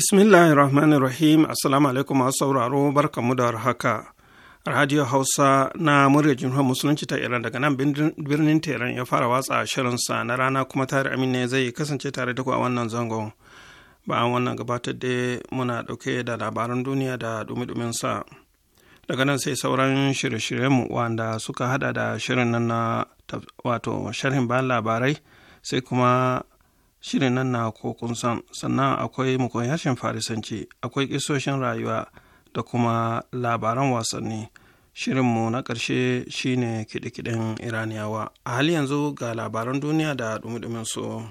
Bismillahi Rahim. Assalamu alaikum masu sauraro barkamu da haka. Radio Hausa na murya Jamhuriyar Musulunci ta Iran daga nan birnin Tehran ya fara watsa shirinsa na rana kuma tare amin ne zai kasance tare da ku a wannan zangon. Bayan wannan gabatar da muna dauke da labaran duniya da dumi sa. Daga nan sai sauran shirye-shiryenmu wanda suka hada da shirin nan na wato sharhin bayan labarai sai kuma shirin nan na ko kun san sannan akwai mukon yashin farisanci akwai kisoshin rayuwa da kuma labaran wasanni shirinmu na ƙarshe shine kiɗe-kiɗen iraniyawa a hali yanzu ga labaran duniya da dumi su.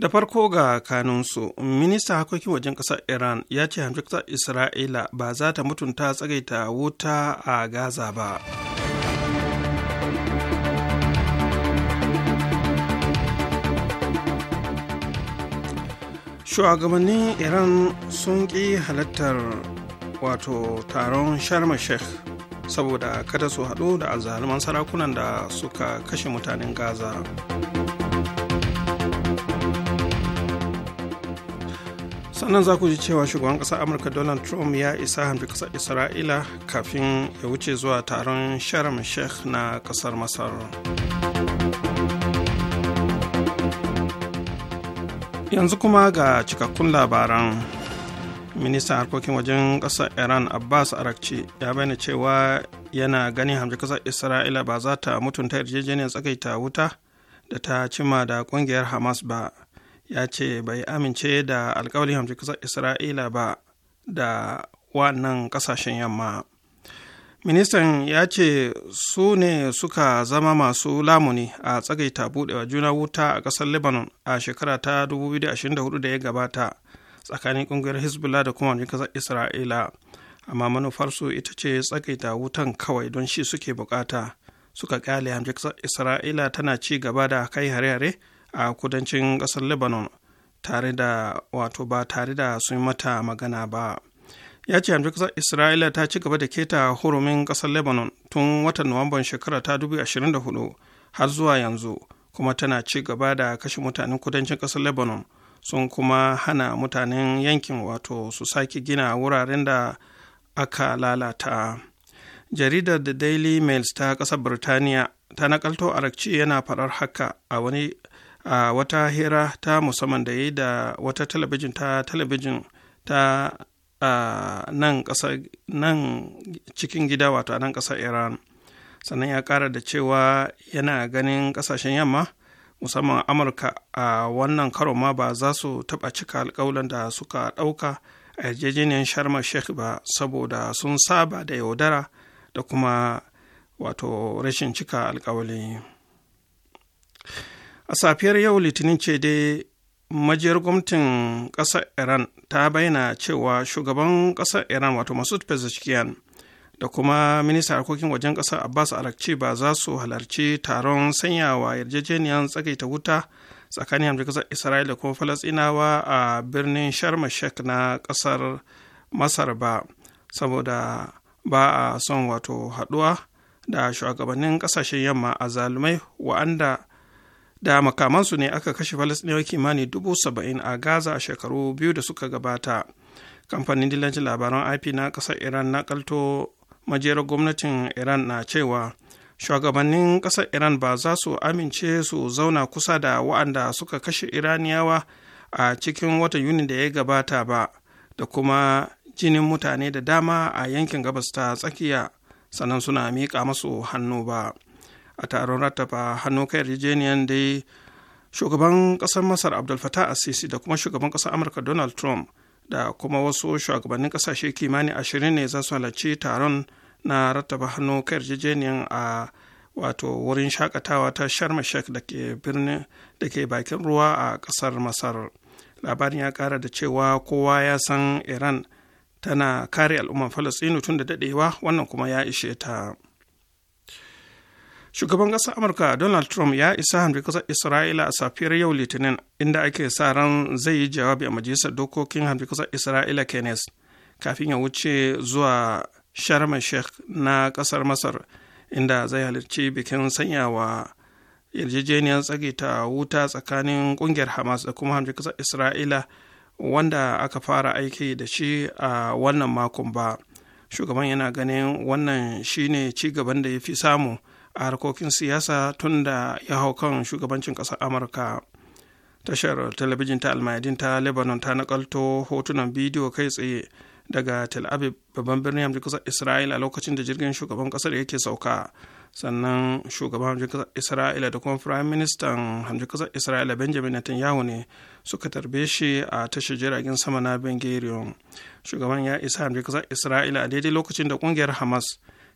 da farko ga kanunsu minista harkokin wajen kasar iran ya ce hamshaksar isra'ila ba za ta mutunta tsagaita wuta a gaza ba shugabannin iran sun ƙi halartar wato taron sharma sheikh saboda kada su haɗu da azzaluman sarakunan da suka kashe mutanen gaza sannan za ku ji cewa shugaban ƙasar amurka donald trump ya isa hanfi ƙasar isra'ila kafin ya wuce zuwa taron sharm sheikh na ƙasar masar yanzu kuma ga cikakkun labaran ministan harkokin wajen ƙasar iran abbas arakci ya bayyana cewa yana ganin hamji ƙasar isra'ila ba za ta mutunta yarjejeniyar tsakaita wuta da ta cima da ƙungiyar hamas ba ya ce bai amince da alkawalin hamshe kasar isra'ila ba da wannan ƙasashen yamma ministan ya ce su ne suka zama masu lamuni a tsagaita budewa juna wuta a ƙasar lebanon a shekara ta 2024 da ya gabata tsakanin kungiyar hezbollah da kuma kasar isra'ila amma manufarsu ita ce tsagaita wutan kawai don shi suke bukata suka kyale hamshe kasar isra'ila tana ci gaba da kai hare-hare a kudancin ƙasar lebanon tare da wato ba tare da sun mata magana ba ya ce yanzu kasar isra'ila ta ci gaba da keta hurumin ƙasar lebanon tun watan nuwamban shekara ta 2024 har zuwa yanzu kuma tana ci gaba da kashe mutanen kudancin ƙasar lebanon sun kuma hana mutanen yankin wato su sake gina wuraren da aka lalata jaridar the daily mails ta ƙasar birtaniya ta nakalto arakci yana farar haka a wani a wata hira ta musamman da ya yi da wata talabijin ta talabijin ta nan nan cikin gida wato a nan ƙasar iran sannan ya ƙara da cewa yana ganin ƙasashen yamma musamman amurka a wannan karo ma ba za su taɓa cika alkawalin da suka ɗauka a yarjejeniyar sharma sheikh ba saboda sun saba da yaudara da kuma wato rashin cika alƙawali a safiyar yau litinin ce dai majiyar gwamnatin ƙasar iran ta bayyana cewa shugaban ƙasar iran wato masud pezeshkian da kuma ministan harkokin wajen ƙasar abbas arakci ba za su halarci taron sanyawa yarjejeniyar tsagaita wuta tsakanin hamdu ƙasar isra'ila da kuma falasinawa a birnin sharm sheikh na ƙasar masar ba saboda ba a son wato haɗuwa da shugabannin ƙasashen yamma a zalumai wa'anda da makamansu ne aka kashe falasɗinawa kimanin dubu saba'in a gaza a shekaru biyu da suka gabata kamfanin dillancin labaran ip na ƙasar iran na kalto majerar gwamnatin iran na cewa shugabannin ƙasar iran ba za su amince su zauna kusa da wa'anda suka kashe iraniyawa a cikin watan yuni da ya gabata ba da kuma jinin mutane da dama a yankin gabas ta tsakiya sannan suna miƙa masu hannu ba. a taron rattaba hannu kai yarjejeniyar dai shugaban ƙasar masar abdul fatah asisi da kuma shugaban ƙasar amurka donald trump da kuma wasu shugabannin ƙasashe kimanin ashirin ne za su halarci taron na rattaba hannu kai yarjejeniyar a wato wurin shakatawa ta sharma sheikh da ke birnin da ke bakin ruwa a kasar masar labarin ya kara da cewa kowa ya san iran tana kare al'umman falastinu tun da dadewa wannan kuma ya ishe ta. shugaban ƙasar amurka donald trump ya isa hanbe ƙasar isra'ila a safiyar yau litinin inda ake sa ran zai yi jawabi a majalisar dokokin hanbe ƙasar isra'ila kenes kafin ya wuce zuwa sharma sheikh na ƙasar masar inda zai halarci bikin sanyawa yarjejeniyar tsage ta wuta tsakanin ƙungiyar hamas da kuma hanbe ƙasar isra'ila wanda aka fara aiki da shi a wannan makon ba shugaban yana ganin wannan shine ci gaban da ya fi samu a harkokin siyasa tun da ya hau kan shugabancin ƙasar amurka tashar talabijin ta almayadin ta lebanon ta nakalto hotunan bidiyo kai tsaye daga tel aviv babban birnin hamjin ƙasar isra'ila lokacin da jirgin shugaban ƙasar yake sauka sannan shugaban hamjin ƙasar isra'ila da kuma firayim ministan hamjin ƙasar isra'ila benjamin netanyahu ne suka tarbe shi a tashar jiragen sama na ben shugaban ya isa hamjin ƙasar isra'ila a daidai lokacin da ƙungiyar hamas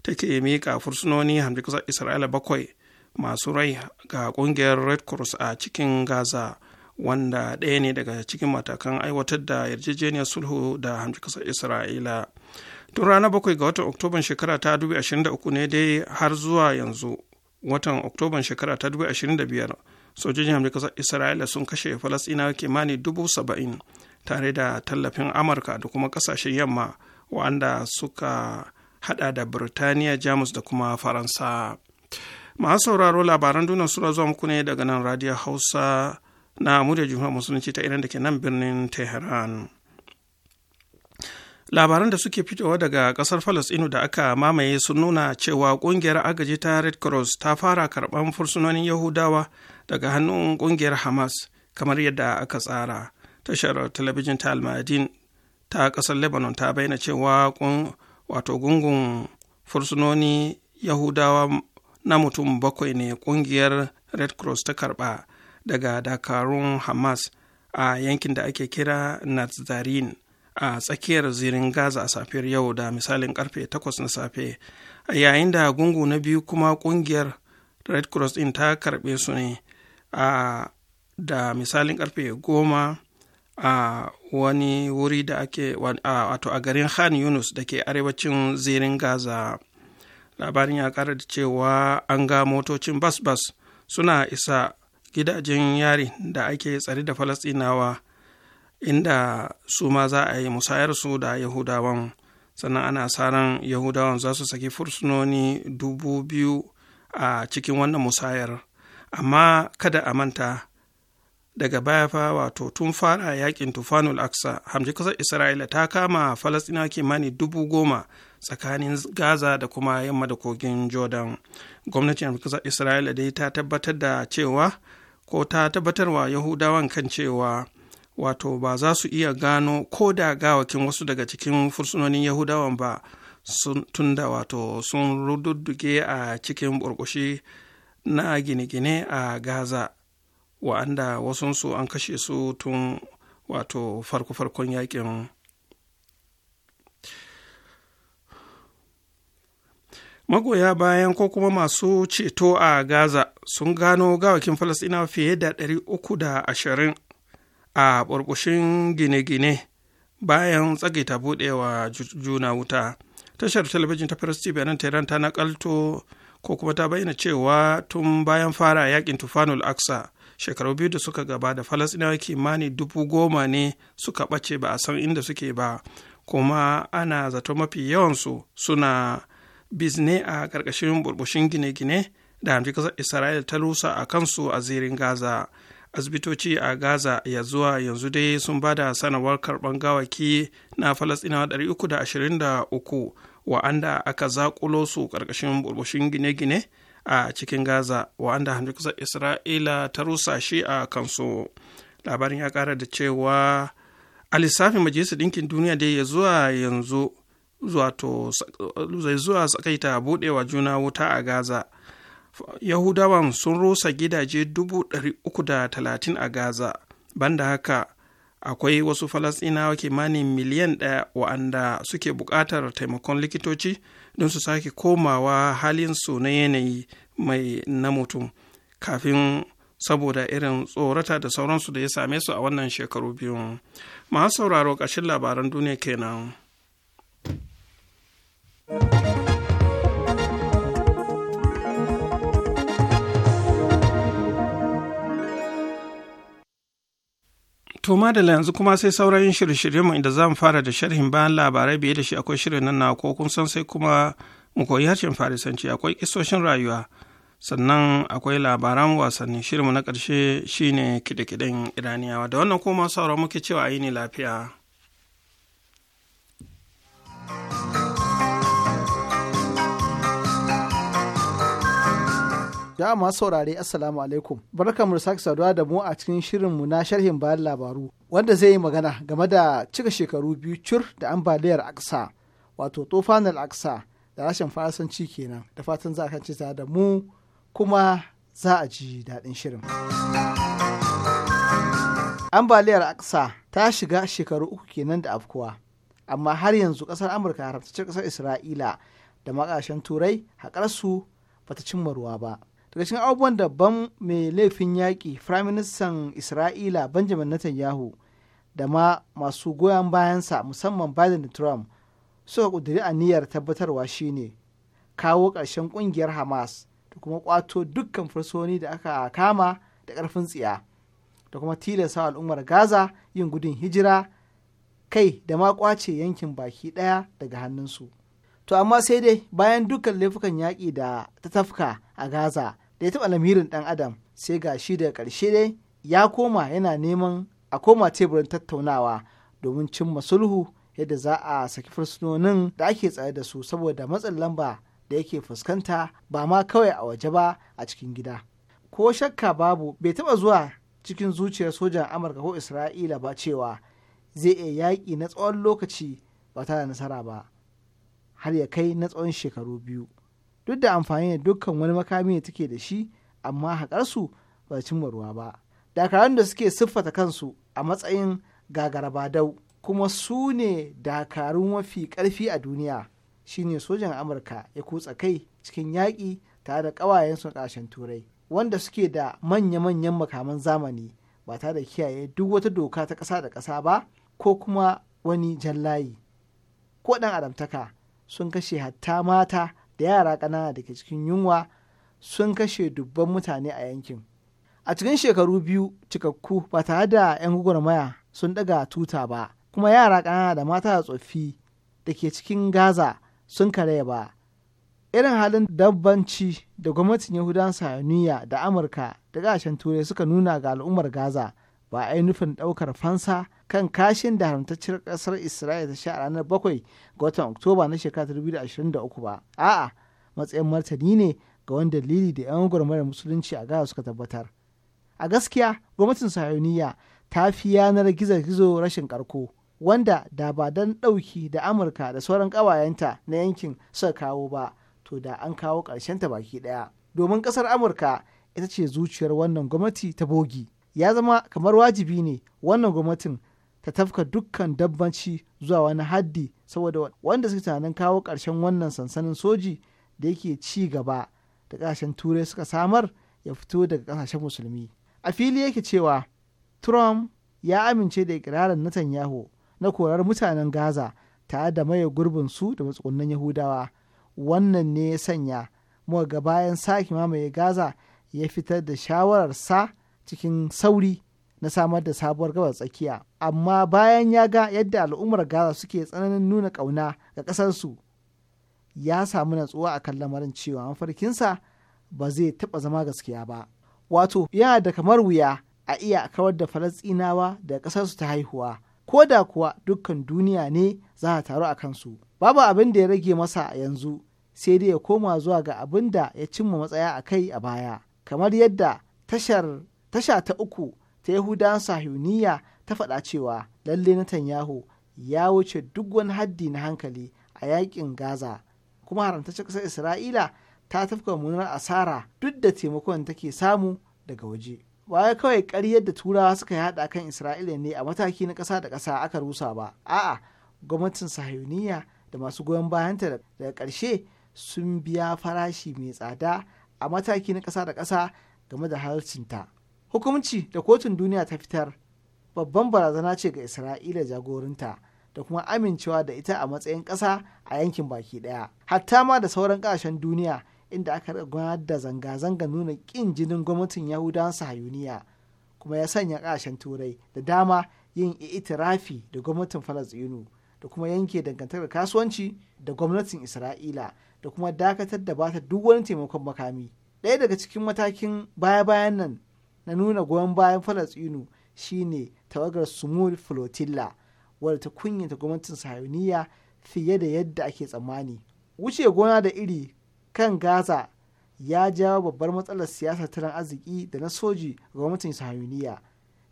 take miƙa fursunoni hamdi kusa isra'ila bakwai masu rai ga ƙungiyar red cross a cikin gaza wanda ɗaya ne daga cikin matakan aiwatar da yarjejeniyar sulhu da hamdi kusa isra'ila tun ranar bakwai ga watan oktoban shekara ta 2023 ne dai har zuwa yanzu watan oktoban shekara ta 2025 sojojin hamdi kasar isra'ila sun kashe falasɗinawa kimanin dubu saba'in tare da tallafin amurka da kuma ƙasashen yamma wanda suka hada da birtaniya jamus da kuma faransa masu sauraro labaran duniya suna zuwa muku ne daga nan radio hausa na muryar Jihar musulunci ta idan da ke nan birnin tehran labaran da suke fitowa daga kasar falasɗinu da aka mamaye sun nuna cewa ƙungiyar agaji ta red cross ta fara karɓar fursunonin yahudawa daga hannun ƙungiyar hamas kamar yadda aka tsara tashar talabijin ta almadin ta ƙasar lebanon ta bayyana cewa wato gungun fursunoni yahudawa na mutum bakwai ne kungiyar red cross ta karba daga dakarun hamas a yankin da ake kira nazarin a tsakiyar zirin gaza a safiyar yau da misalin karfe 8 na safe a yayin da gungu na biyu kuma kungiyar red cross din ta karbe su ne a da misalin karfe 10 a wani wuri da ake wato a garin khan yunus da ke arewacin zirin gaza labarin ya kara da cewa an ga motocin bas-bas suna isa gidajen yari da ake tsare da falastinawa inda su ma za a yi musayar su da yahudawan sannan ana saran yahudawan za su saki fursunoni dubu biyu a cikin wannan musayar amma kada a manta daga baya fa wato tun fara yakin tufanul aksa hamji kasar isra'ila ta kama falastina kimanin dubu goma tsakanin gaza da kuma yamma da kogin jordan gwamnatin kasar isra'ila dai ta tabbatar da cewa ko ta tabbatarwa yahudawan kan cewa wato ba za su iya gano ko da gawakin wasu daga cikin fursunonin yahudawan ba sun tunda wato sun rududduge a cikin burbushi na gine-gine a gaza wa'anda wasunsu an kashe su tun wato farko-farkon yakin magoya bayan ko kuma masu ceto a gaza sun gano gawakin falasina fiye da 320 a ƙurƙushin gine-gine bayan tsagaita buɗewa juna wuta tashar talabijin ta first tv nan tehran ta nakalto ko kuma ta bayyana cewa tun bayan fara yakin tufanul aksa shekaru biyu da suka gaba da falasɗinawa kimani dubu goma ne suka ɓace ba a san inda suke ba kuma ana zato mafi yawansu suna bizne a ƙarƙashin burbushin gine-gine da fi ƙasar isra'il ta rusa a kansu a zirin gaza asibitoci a gaza ya zuwa yanzu dai sun ba da sanarwar karɓar gawaki na da falasɗinawa 323 wa'anda aka zaƙulo su ƙarƙashin burbushin gine-gine a cikin gaza wa'anda hamdukasar isra'ila ta rusa shi a kansu labarin ya kara da cewa a lissafin majalisar ɗinkin duniya dai ya zuwa yanzu zai zuwa tsakaita buɗewa juna wuta a gaza yahudawan sun rusa gidaje 330 a gaza banda haka akwai wasu falasɗinawa kimanin miliyan ɗaya wa'anda suke buƙatar taimakon likitoci don su sake komawa halin su na yanayi mai na mutum kafin saboda irin tsorata da sauransu da ya same su a wannan shekaru biyu masu sauraro ƙarshen labaran duniya kenan. To da yanzu kuma sai sauran shirye-shiryenmu inda za mu fara da sharhin bayan labarai biye da shi akwai shirin nan na ko kun san sai kuma mu koyi harshen farisanci akwai isoshin rayuwa sannan akwai labaran wasanni shirinmu na ƙarshe shine kide-kiden iraniyawa da wannan kuma sauran muke cewa a yi ne lafiya. Da masu saurare Assalamu alaikum. Barka mu sake saduwa da mu a cikin shirin mu na sharhin bayan labaru wanda zai yi magana game da cika shekaru biyu cur da ambaliyar aksa wato tofanar aksa da rashin faransanci kenan da fatan za a kanci ta da mu kuma za a ji daɗin shirin. Ambaliyar aksa ta shiga shekaru uku kenan da afkuwa amma har yanzu ƙasar Amurka ce kasar Isra'ila da makashin turai haƙarsu bata cimma ruwa ba. daga cikin abubuwan da ban mai laifin yaƙi firaministan isra'ila benjamin netanyahu da ma masu goyon bayansa musamman biden da trump suka ƙudiri aniyar tabbatarwa shine kawo ƙarshen ƙungiyar hamas da kuma ƙwato dukkan fursoni da aka kama da ƙarfin tsiya da kuma tilasta al'ummar gaza yin gudun hijira kai da ma kwace yankin baki ɗaya daga hannunsu. To amma sai dai bayan dukkan laifukan yaƙi da ta tafka a Gaza da ya taɓa lamirin ɗan adam sai ga shi daga ƙarshe dai ya koma yana neman a koma teburin tattaunawa domin cimma sulhu yadda za a saki fursunonin da ake tsaye da su saboda matsin lamba da yake fuskanta ba ma kawai a waje ba a cikin gida ko shakka babu bai taɓa zuwa cikin zuciyar sojan amurka ko isra'ila ba cewa zai iya yaƙi na tsawon lokaci ba tare da nasara ba har ya kai na tsawon shekaru biyu duk da amfani da dukkan wani makami da take da shi amma haƙarsu ba cimma ruwa ba dakaran da suke siffata kansu a matsayin gagarabadau kuma su ne dakarun mafi ƙarfi a duniya shine sojan amurka ya kutsa kai cikin yaƙi tare da ƙawayensu ƙasashen turai wanda suke da manya-manyan makaman zamani ba tare da kiyaye duk wata doka ta ƙasa da ƙasa ba ko kuma wani jallayi ko ɗan adamtaka sun kashe hatta mata da yara ƙanana da ke cikin yunwa sun kashe dubban mutane a yankin. A cikin shekaru biyu cikakku ba tare da 'yan gwagwarmaya sun daga tuta ba, kuma yara ƙanana da mata da tsofi da ke cikin Gaza sun karaya ba. Irin halin dabbanci da gwamnatin Yahudan Sayaniya da Amurka da ƙasashen Turai suka nuna ga al'ummar Gaza ba a yi nufin ɗaukar fansa kan kashin da haramtacciyar ƙasar Isra'ila ta sha ranar 7 ga watan Oktoba na shekara 2023 ba. A'a, matsayin martani ne ga wani dalili da 'yan gwamnatin musulunci a Gaza suka tabbatar. A gaskiya, gwamnatin Sahiyoniya ta fi yanar gizo-gizo rashin karko, wanda da ba dan ɗauki da Amurka da sauran ƙawayenta na yankin suka kawo ba, to da an kawo ta baki ɗaya. Domin ƙasar Amurka ita ce zuciyar wannan gwamnati ta bogi. Ya zama kamar wajibi ne wannan gwamnatin ta tafka dukkan dabbanci zuwa wani haddi saboda wanda suke tunanin kawo ƙarshen wannan sansanin soji da yake ci gaba da ƙasashen turai suka samar ya fito daga ƙasashen musulmi a fili yake cewa trump ya amince da ikirarin netanyahu na korar mutanen gaza tare da maye gurbin su da matsugunan yahudawa wannan ne ya sanya muka ga bayan sake mamaye gaza ya fitar da shawararsa cikin sauri na samar da sabuwar gabar tsakiya amma bayan ya ga yadda al'ummar gaza suke tsananin nuna ƙauna ga ƙasarsu ya samu natsuwa a kan lamarin cewa mafarkinsa ba zai taɓa zama gaskiya ba wato yana da kamar wuya a iya kawar da falastinawa da ƙasarsu ta haihuwa ko da kuwa dukkan duniya ne za a taru a kansu babu abin da ya rage masa a yanzu sai dai ya koma zuwa ga abin da ya cimma matsaya a kai a baya kamar yadda tashar tasha ta uku ta yahudan Sahuniya ta faɗa cewa lalle netanyahu ya wuce duk wani haddi na hankali a yakin gaza kuma haramtaccen ƙasar isra'ila ta tafka munar asara duk da taimakon take samu daga waje Waye kawai ƙaryar da turawa suka yada kan isra'ila ne a mataki na ƙasa da ƙasa aka rusa ba a'a gwamnatin Sahuniya da masu goyon bayanta daga ƙarshe sun biya farashi mai tsada a mataki na ƙasa da ƙasa game da halcinta hukunci da kotun duniya ta fitar babban barazana ce ga isra'ila jagorinta da kuma amincewa da ita a matsayin ƙasa a yankin baki ɗaya hatta ma da sauran ƙasashen duniya inda aka gudanar da zanga-zanga nuna ƙin jinin gwamnatin yahudawan sahayuniya kuma ya sanya ƙasashen turai da dama yin itirafi da gwamnatin falastinu da kuma yanke dangantakar kasuwanci da gwamnatin isra'ila da kuma dakatar da bata duk wani taimakon makami ɗaya daga cikin matakin baya-bayan nan na nuna goyon bayan falasɗinu shine tawagar sumul flotilla wadda ta kunyata gwamnatin sahayuniya fiye da yadda ake tsammani wuce gona da iri kan gaza ya jawo babbar matsalar siyasar tattalin arziki da na soji ga gwamnatin sahayuniya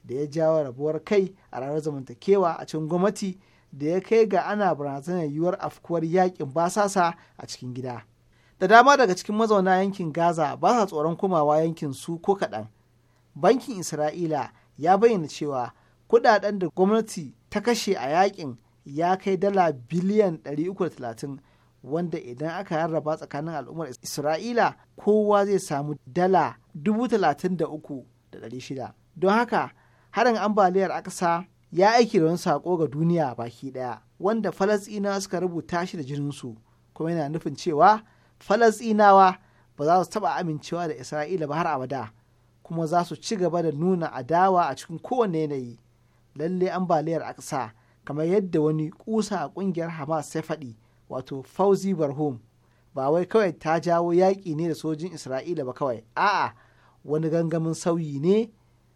da ya jawo rabuwar kai a ranar zamantakewa a cikin gwamnati da ya kai ga ana barazanar yiwuwar afkuwar yakin basasa a cikin gida da dama daga cikin mazauna yankin gaza ba sa tsoron komawa yankin su ko kaɗan bankin isra'ila ya bayyana cewa kudaden da gwamnati ta kashe a yakin ya kai dala biliyan 330 wanda idan aka rarraba tsakanin al'ummar isra'ila kowa zai samu dala 33,600 don haka harin ambaliyar aksa ya aiki da wani sako ga duniya baki ɗaya wanda falasina suka rubuta shi da jininsu kuma yana nufin cewa falasɗinawa ba za su taɓa amincewa da isra'ila ba har abada kuma za su ci gaba da nuna adawa a cikin kowane yanayi lalle ambaliyar aksa kamar yadda wani kusa a kungiyar hamas ya faɗi wato fauzi barhum ba wai kawai ta jawo yaƙi ne da sojin isra'ila ba kawai a'a wani gangamin sauyi ne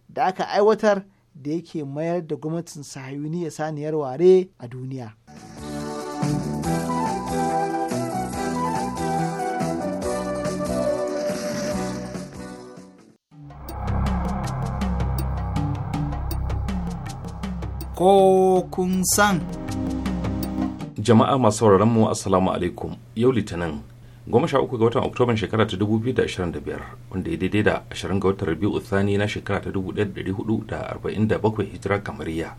da aka aiwatar da yake mayar da gwamnatin sahayuniya saniyar ware a duniya. ko kun san. Jama'a masu sauraron mu Assalamu alaikum yau Litinin goma sha uku ga watan Oktoban shekara ta dubu biyu da ashirin da biyar wanda ya daidai da ashirin ga watan Rabi'u Thani na shekara ta dubu ɗaya da ɗari hudu da arba'in da bakwai hijira kamariya.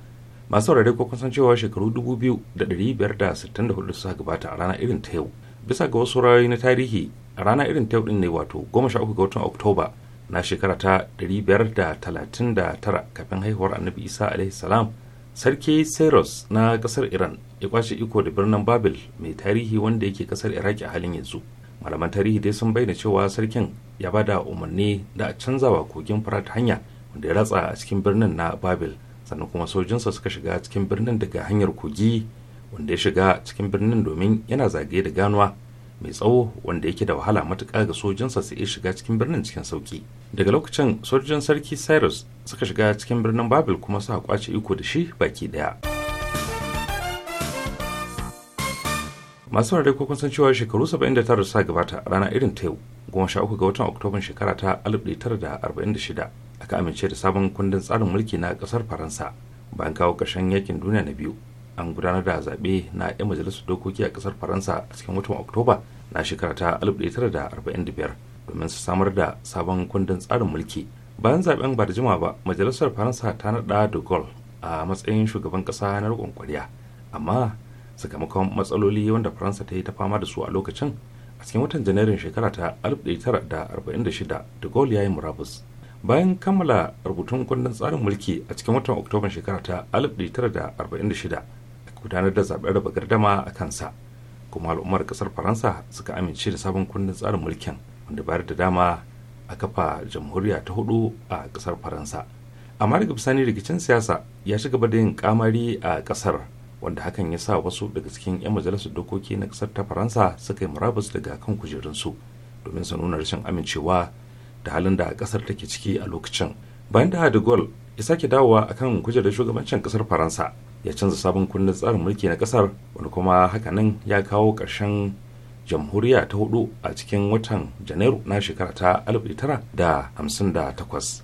Masu sauraron ko kun san cewa shekaru dubu biyu da ɗari biyar da sittin da hudu suka gabata a rana irin ta yau. Bisa ga wasu rayoyi na tarihi a rana irin ta yau ɗin ne wato goma sha uku ga watan Oktoba na shekara ta ɗari biyar da da talatin tara kafin haihuwar annabi isa alaihi salam sarki cyrus na kasar iran ya kwashe iko da birnin babil mai tarihi wanda yake kasar iraki a halin yanzu malaman tarihi dai sun bayyana cewa sarkin ya bada umarni da a canza wa kogin farat hanya wanda ya ratsa a cikin birnin na babil sannan kuma sojinsa suka shiga cikin birnin daga hanyar kogi wanda ya shiga cikin birnin domin yana zagaye da ganuwa mai tsawo wanda yake da wahala matuka ga sojinsa su iya shiga cikin birnin cikin sauki daga lokacin sojin sarki cyrus suka shiga cikin birnin babil kuma suka kwace iko da shi baki daya masu rarrai ko kun san cewa shekaru 79 sa gabata a rana irin ta yau goma sha uku ga watan oktoban shekara ta 1946 aka amince da sabon kundin tsarin mulki na kasar faransa bayan kawo karshen yakin duniya na biyu an gudanar da zaɓe na 'yan majalisar dokoki a ƙasar faransa a cikin watan oktoba na shekara ta 1945 domin su samar da sabon kundin tsarin mulki bayan zaɓen ba da jima ba majalisar faransa ta naɗa de gaulle a matsayin shugaban ƙasa na riƙon kwarya amma sakamakon matsaloli wanda faransa ta yi ta fama da su a lokacin a cikin watan janairun shekara ta 1946 de gaulle ya yi murabus bayan kammala rubutun kundin tsarin mulki a cikin watan oktoba shekara ta 1946 gudanar da zaɓen raba gardama a kansa kuma al'ummar ƙasar faransa suka amince da sabon kundin tsarin mulkin wanda bayar da dama a kafa jamhuriya ta hudu a ƙasar faransa amma daga bisani rikicin siyasa ya ci gaba da yin kamari a ƙasar wanda hakan ya sa wasu daga cikin 'yan majalisar dokoki na ƙasar ta faransa suka yi murabus daga kan kujerunsu domin su nuna rashin amincewa da halin da ƙasar take ciki a lokacin bayan da de gaulle ya sake dawowa akan kujerar shugabancin ƙasar faransa ya canza sabon kundin tsarin mulki na kasar wanda kuma hakanan ya kawo ƙarshen jamhuriya ta hudu a cikin watan janairu na shekara ta 1958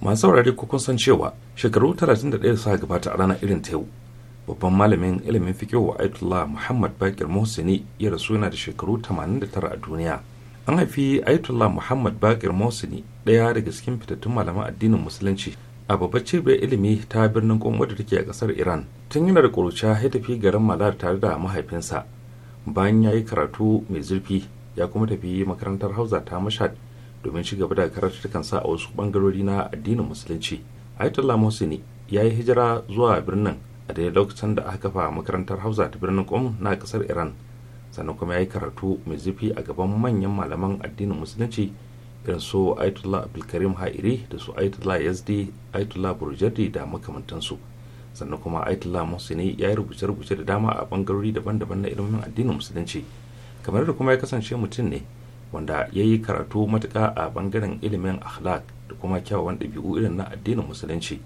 masu saurari kun san cewa shekaru 31 sa gabata a ranar irin ta yau babban malamin ilimin fike wa aitullah muhammad bakir muhsini ya rasu yana da shekaru 89 a duniya an haifi ayatollah muhammad bakir mosini ɗaya daga cikin fitattun malaman addinin musulunci a babbar cibiyar ilimi ta birnin ƙom da take a ƙasar iran tun yana da ƙuruciya ya tafi garin malar tare da mahaifinsa bayan ya yi karatu mai zurfi ya kuma tafi makarantar hausa ta mashad domin ci gaba da sa a wasu bangarori na addinin musulunci ayatollah mosini ya yi hijira zuwa birnin a daidai lokacin da aka kafa makarantar hausa ta birnin ƙom na ƙasar iran sannan kuma ya yi karatu mai zufi a gaban manyan malaman addinin musulunci irin su aitullah abdulkarim ha'iri da su aitullah yazdi aitullah burjadi da makamantansu sannan kuma aitullah musuni ya yi rubuce-rubuce da dama a bangarori daban-daban na ilimin addinin musulunci kamar da kuma ya kasance mutum ne wanda ya yi karatu matuka a bangaren ilimin akhlaq da kuma kyawawan ɗabi'u irin na addinin musulunci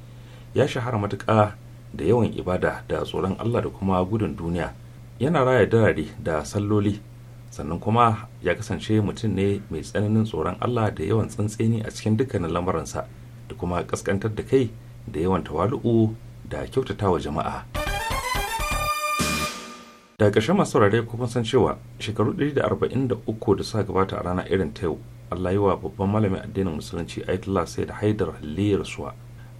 ya shahara matuka da yawan ibada da tsoron allah da kuma gudun duniya yana raya darare da salloli sannan kuma ya kasance mutum ne mai tsananin tsoron allah da yawan tsantseni a cikin dukkanin lamuransa da kuma kaskantar da kai da yawan tawalu'u da kyautatawa jama'a da ƙarshen masu rarrai kuma san cewa shekaru 143 da suka gabata a rana irin ta yau allah yi wa babban malamin addinin musulunci ayatollah da haidar halli rasuwa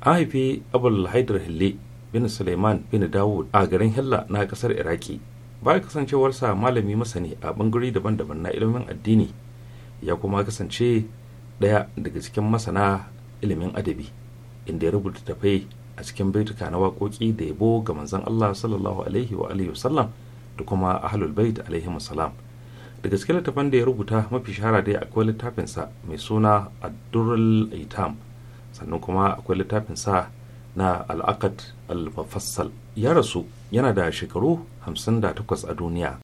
an haifi abul haidar halli bin suleiman bin dawud a garin hilla na ƙasar iraki baya kasancewarsa malami masani a bangare daban-daban na ilimin addini ya kuma kasance ɗaya daga cikin masana ilimin adabi inda ya rubuta tafai a cikin baituka na waƙoƙi da ya bo ga manzon Allah sallallahu alaihi wa alihi wasallam da kuma ahlul bait alaihi wasallam daga cikin littafin da ya rubuta mafi shahara dai akwai littafinsa mai suna ad-durrul aitam sannan kuma akwai littafinsa na al-aqd al-mufassal ya rasu yana da shekaru 58 a duniya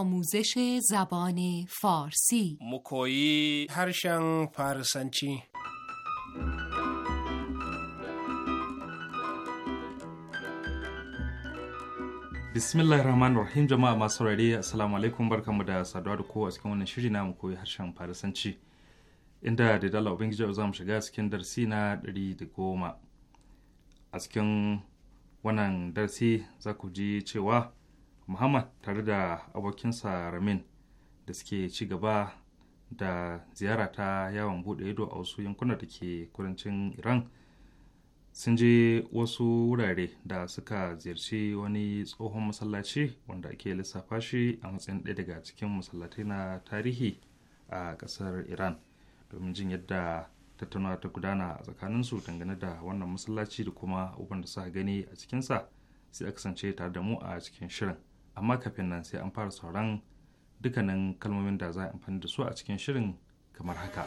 آموزش زبان فارسی مکویی هرشن فارسنچی bismillah rahman rahim jama'a masu saurare assalamu barkan mu da saduwa da a cikin wannan shiri na koyi harshen farisanci inda da dala ubangiji za mu shiga cikin darasi na ɗari da goma a cikin wannan darasi za ku ji cewa muhammad tare da abokinsa ramin da suke ci gaba da ziyara ta yawon bude ido a wasu yankuna da ke kudancin iran sun je wasu wurare da suka ziyarci wani tsohon masallaci wanda ake lissafa shi a matsayin ɗaya daga cikin masallatai na tarihi a ƙasar iran domin jin yadda tattaunawa ta gudana a tsakaninsu dangane da wannan masallaci da kuma abubuwan da suka gani a cikinsa sai a kasance tare da mu a cikin shirin amma kafin nan sai an fara sauran dukkanin kalmomin da za a amfani da su a cikin shirin kamar haka.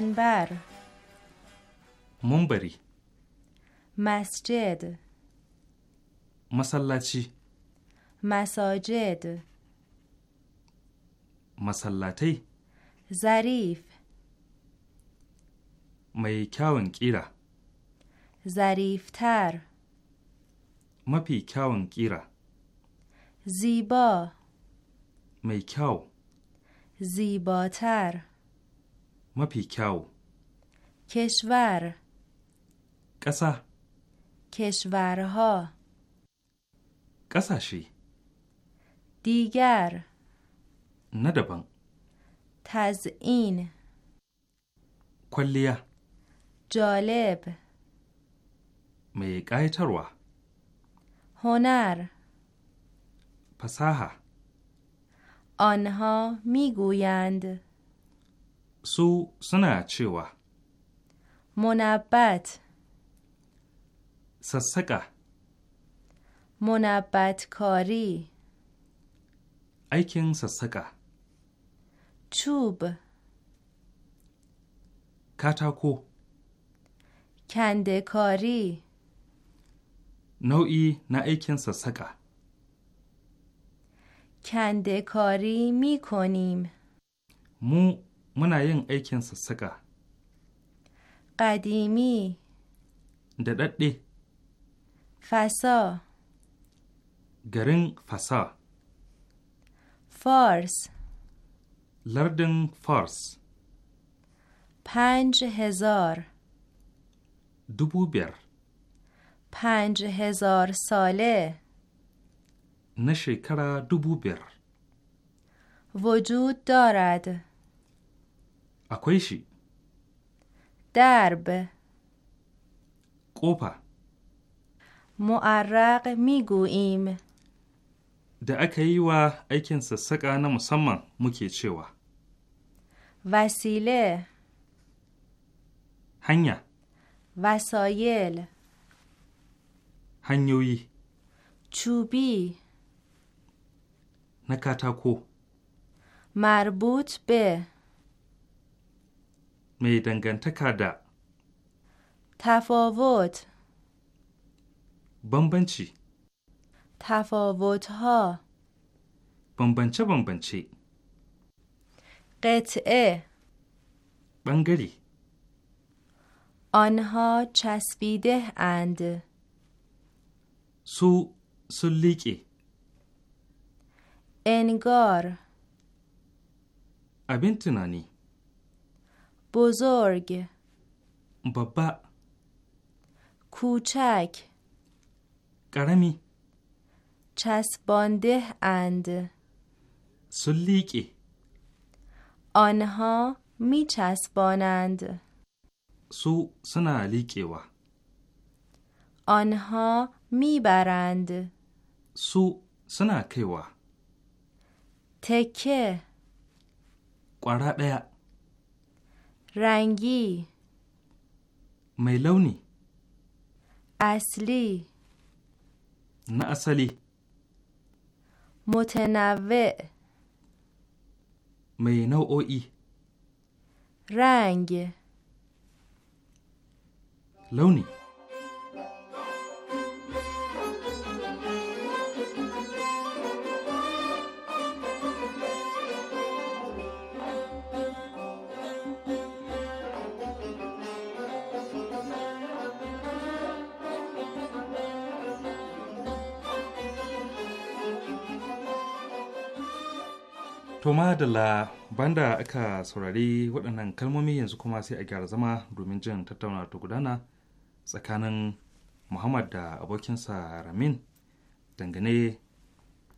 منبر منبری مسجد مسلاتی مساجد مسلاتی زریف میکاون کیرا زریفتر مپیکاون کیرا زیبا میکاو زیباتر مپی کیاو کشور کسا کشورها کساشی دیگر ندبن تزئین کلیه جالب می قایتروا هنر پسها. آنها میگویند su suna cewa Monabat Sassaka Monabat kori Aikin sassaka Tube Katako kori Nau'i na aikin sassaka kande kori mi Mu muna yin aikin sassaƙa قدیمی ددده فسا گرین فسا فارس لردن فارس پنج هزار دوبو بیر پنج هزار ساله نشکر دوبو بیر وجود دارد akwai shi darbe قوپا معرق میگوییم da aka yi wa aikin sassaƙa na musamman muke cewa Vasile. hanya Vasoyel. hanyoyi cubi na katako marbut be می دنگنتکا تفاوت بمبنچی تفاوت ها بمبنچه قطعه بنگری آنها چسبیده اند سو سلیکی انگار ابین تنانی بزرگ بابا کوچک گرمی چسبانده اند سلیکی آنها می چسبانند سو سنا و آنها میبرند سو سنا کیوا تکه قرار رنگی mai launi asli na asali متنوع mai nau'o'i رنگ لونی To madalla banda aka saurari waɗannan kalmomi yanzu kuma sai a gyara zama domin jin tattauna ta gudana tsakanin Muhammad da abokinsa Ramin dangane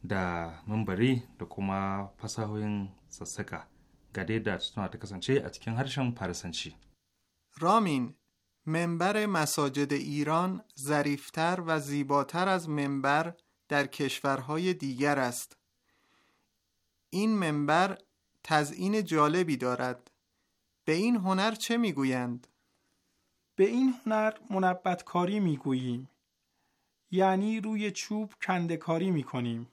da mambari da kuma fasahohin sassaka ga da tattauna ta kasance a cikin harshen Farisanci. رامین membar مساجد iran zariftar و زیباتر membar منبر در کشورهای دیگر است این منبر تزئین جالبی دارد به این هنر چه میگویند؟ به این هنر منبتکاری میگوییم یعنی روی چوب کندکاری میکنیم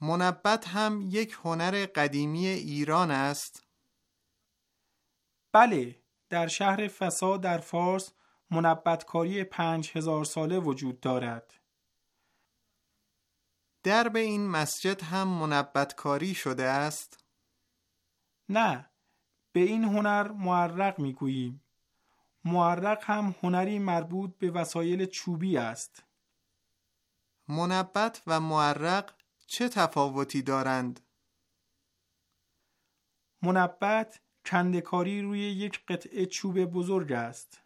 منبت هم یک هنر قدیمی ایران است بله در شهر فسا در فارس منبتکاری پنج هزار ساله وجود دارد درب این مسجد هم منبتکاری شده است؟ نه به این هنر معرق گوییم معرق هم هنری مربوط به وسایل چوبی است منبت و معرق چه تفاوتی دارند؟ منبت کندکاری روی یک قطعه چوب بزرگ است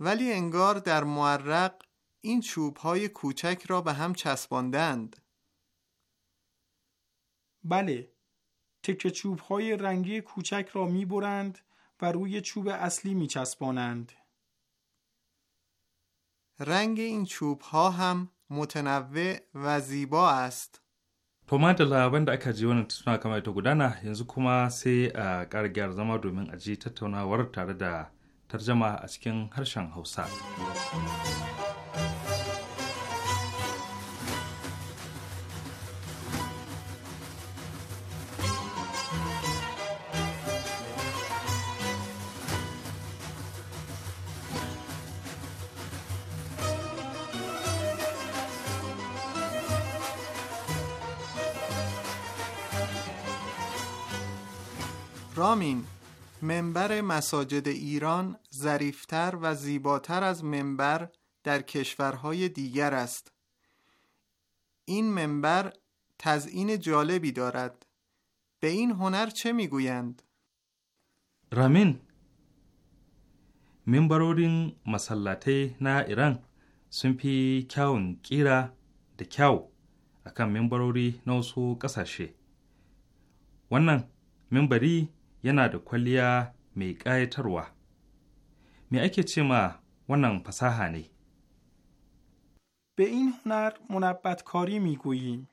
ولی انگار در معرق این چوب های کوچک را به هم چسباندند بله تکه چوب های رنگی کوچک را می برند و روی چوب اصلی می چسبانند رنگ این چوب ها هم متنوع و زیبا است To la wanda aka ji wannan tattaunawa kamar ta gudana yanzu kuma sai a ƙara zama domin a ji tattaunawar tare da tarjama a cikin harshen Hausa. رامین منبر مساجد ایران ظریفتر و زیباتر از منبر در کشورهای دیگر است این منبر تزئین جالبی دارد به این هنر چه میگویند رامین منبرورین مسلاته نا ایران sun fi kyawun kira da kyau a kan membarori na wasu ƙasashe. Wannan membari yana da kwalliya mai ƙayatarwa. Me ake ce ma wannan fasaha ne? به این هنر منبتکاری میگوییم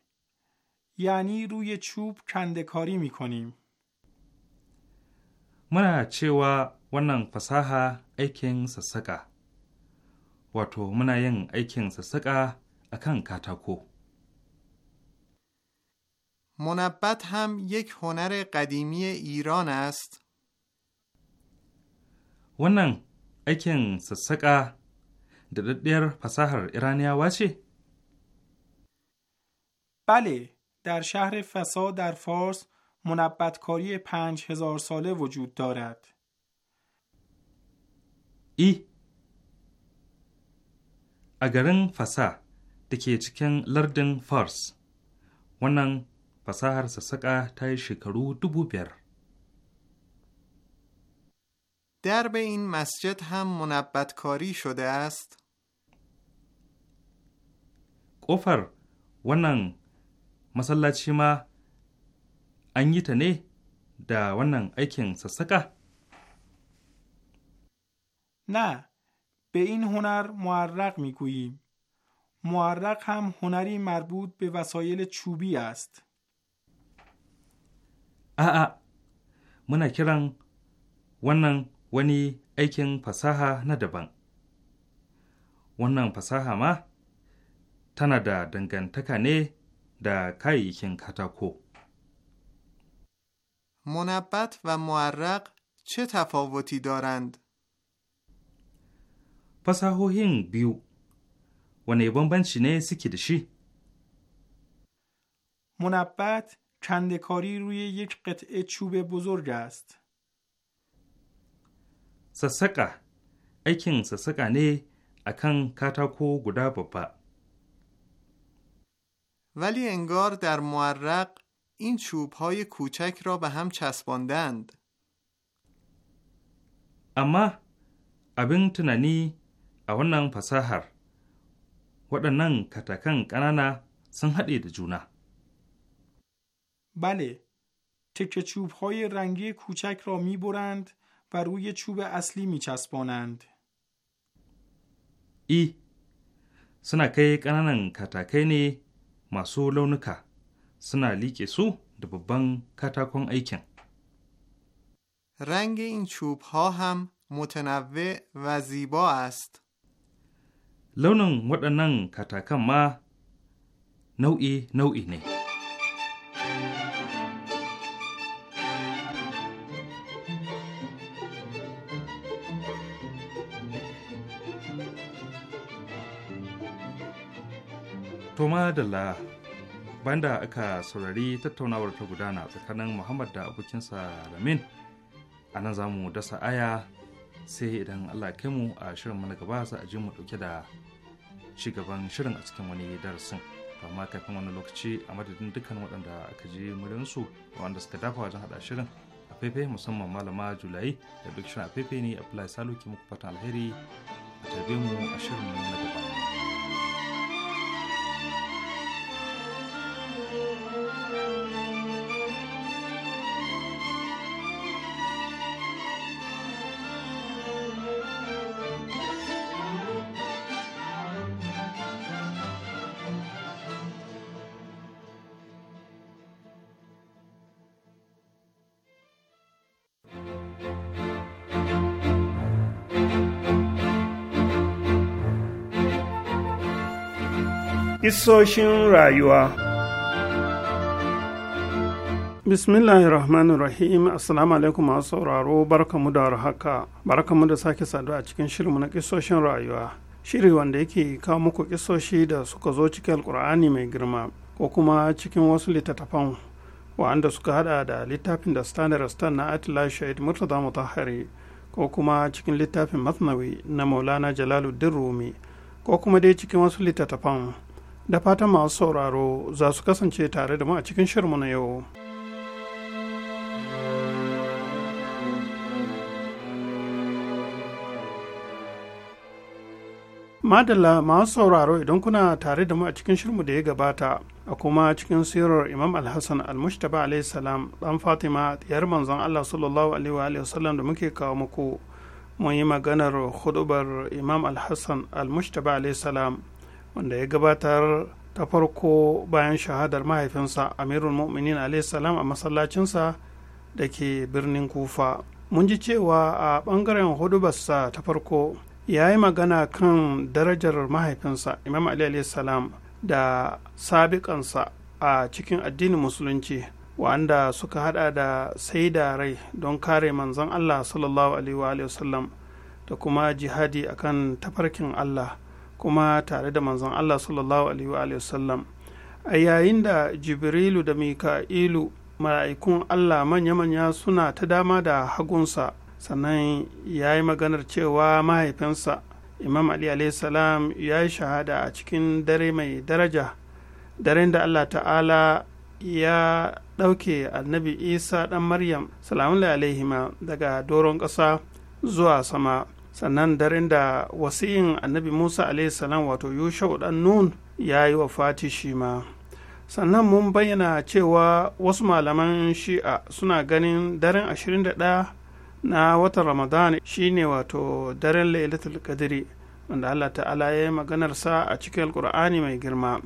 یعنی روی چوب کندکاری میکنیم muna cewa wannan fasaha aikin و wato muna yin aikin سسکا a kan katako منبت هم یک هنر قدیمی ایران است. wannan aikin سسکا. در fasahar iraniyawa بله در شهر فسا در فارس منبتکاری پنج هزار ساله وجود دارد ای اگرن فسا دکی چکن لردن فارس ونن فساهر سسقه تای شکرو دوبو در درب این مسجد هم کاری شده است؟ ƙofar wannan masallaci ma an yi ta ne da wannan aikin sassaƙa? Na, be in hunar معرق می گوییم. معرق هم هنری مربوط به muna kiran wannan wani aikin fasaha na daban. Wannan fasaha ma tana da dangantaka ne da kayayyakin katako. Munabbat wa mu'arraq ce tafawuti darand. Fasahohin biyu wane bambanci ne suke da shi? Munabbat kandekari ruye yik qit'e chube buzurg ast. Sasaka aikin sassaƙa ne akan katako guda babba. ولی انگار در معرق این چوب های کوچک را به هم چسباندند اما ابین تنانی، a wannan fasahar waɗannan katakan کنانا sun haɗe بله تکه چوب های رنگی کوچک را می و روی چوب اصلی می چسبانند. ای سنا kai ƙananan masu launuka suna liƙe su da babban katakon aikin. Rangin این ha ham هم wa ast. Launin waɗannan katakan ma nau'i nau'i ne. To la banda aka saurari tattaunawar ta gudana tsakanin Muhammad da abokinsa Ramin a nan za mu dasa aya sai idan Allah kai mu a shirin mana gaba za a ji mu dauke da gaban shirin a cikin wani darasin. amma kafin wani lokaci a madadin dukkan waɗanda aka ji muryansu waɗanda suka dafa wajen hada shirin a faifai musamman malama julai da duk shirin a faifai ne a salo ke muku fatan alheri a tarbe mu a shirin na gaba. Isoshin rayuwa Bismillahir Rahmanir Rahim Assalamu alaikum masu sauraro barkamu da Barka barkamu da sake sadu a cikin shirinmu na kisoshin rayuwa shiri wanda yake kawo muku kisoshi da suka zo cikin alkur'ani mai girma ko kuma cikin wasu littattafan wa'anda suka hada da littafin da standard stand na atila shahid murtaza mutahari ko kuma cikin littafin masnawi na maulana jalaluddin rumi ko kuma dai cikin wasu littattafan da fatan masu sauraro za su kasance tare da mu a cikin shirmu na yau. Madalla masu sauraro idan kuna tare da mu a cikin shirmu da ya gabata a kuma cikin sirar Imam Alhassan Almushtaba alayhi salam dan Fatima yar manzon Allah sallallahu alaihi wa sallam da muke kawo muku mun yi maganar hudubar Imam Alhassan Almushtaba alayhi salam wanda ya gabatar ta farko bayan shahadar mahaifinsa amirul mu'minin salam a masallacinsa da ke birnin kufa mun ji cewa a ɓangaren hudubarsa ta farko ya yi magana kan darajar mahaifinsa imam ali salam da sabiƙansa a cikin addinin musulunci wa'anda suka hada da sai da rai don kare manzon allah sallallahu alaihi wasallam da kuma jihadi akan tafarkin allah kuma tare da manzon Allah sallallahu alaihi wasallam a yayin da jibrilu da mika'ilu mala'ikun Allah manya-manya suna ta dama da hagunsa sannan ya yi maganar cewa mahaifinsa imam ali salam ya yi shahada a cikin dare mai daraja daren da Allah ta'ala ya ɗauke annabi isa ɗan maryam salamun alaihima daga doron ƙasa zuwa sama sannan daren da wasiyin annabi musa salam wato yushau dan nun ya yi wa fati shi ma sannan mun bayyana cewa wasu malaman shi'a suna ganin daren 21 na watan ramadan shine wato daren lailatul kadiri wanda allah ta'ala ya yi maganarsa a cikin alkur'ani mai girma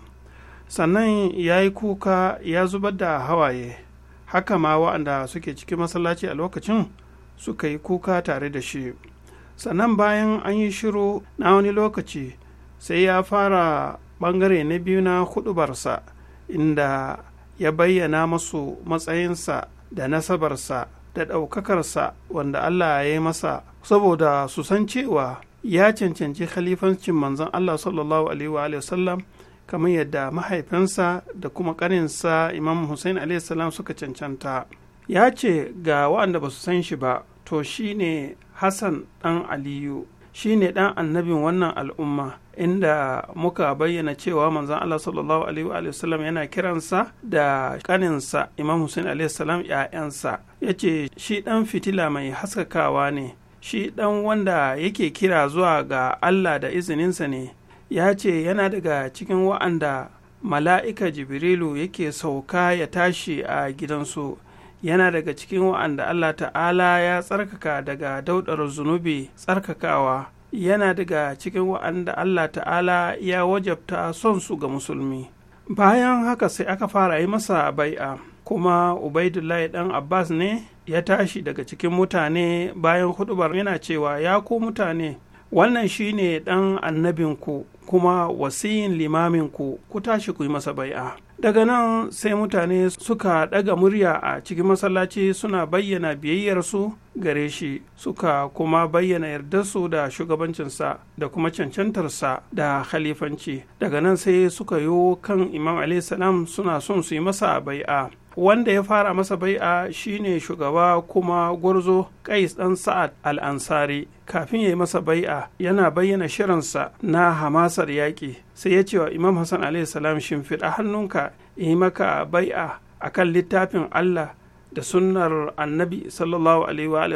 sannan ya yi kuka ya zubar da hawaye haka ma wa'anda suke cikin masallaci a lokacin suka yi kuka tare da shi sannan bayan an yi shiru na wani lokaci sai ya fara bangare na biyu na hudubarsa inda ya bayyana masu matsayinsa da nasabarsa da ɗaukakarsa wanda Allah ya yi masa saboda su san cewa ya cancanci khalifancin manzon Allah sallallahu alaihi wa sallam kamar yadda mahaifinsa da kuma ƙaninsa Imam Hussein alaihi suka cancanta ya ce ga waɗanda ba su san shi ba to shi ne hassan ɗan aliyu shi ne ɗan annabin wannan al'umma inda muka bayyana cewa manzon Allah sallallahu alaihi wasallam yana kiransa da kaninsa Imam Hussein alaihi salam ‘ya'yansa ya ce shi ɗan fitila mai haskakawa ne shi ɗan wanda yake kira zuwa ga Allah da izininsa ne ya ce yana daga cikin wa'anda mala'ika Jibrilu yake sauka ya tashi a gidansu yana daga cikin wa'anda Allah ta'ala ya tsarkaka daga daudar zunubi tsarkakawa yana daga cikin wa'anda Allah ta'ala ya wajabta son su ga musulmi bayan haka sai aka fara yi masa bai'a kuma ubaidullahi dan abbas ne ya tashi daga cikin mutane bayan hudubar yana cewa ya ku mutane wannan shine dan annabinku kuma wasiyin limaminku ku tashi ku yi masa bai'a daga nan sai mutane suka ɗaga murya a cikin masallaci suna bayyana biyayyarsu gare shi suka kuma bayyana yardarsu da shugabancinsa da kuma cancantarsa da khalifanci daga nan sai suka yo kan imam salam suna son su yi masa bai'a wanda ya fara masa bai'a shine shugaba kuma gwarzo kais dan sa'ad al-ansari kafin ya yi masa bai'a yana bayyana shirinsa na hamasar yaƙi sai ya cewa imam hassan shin shimfiɗa hannunka yi maka bai'a a kan littafin allah da sunnar annabi sallallahu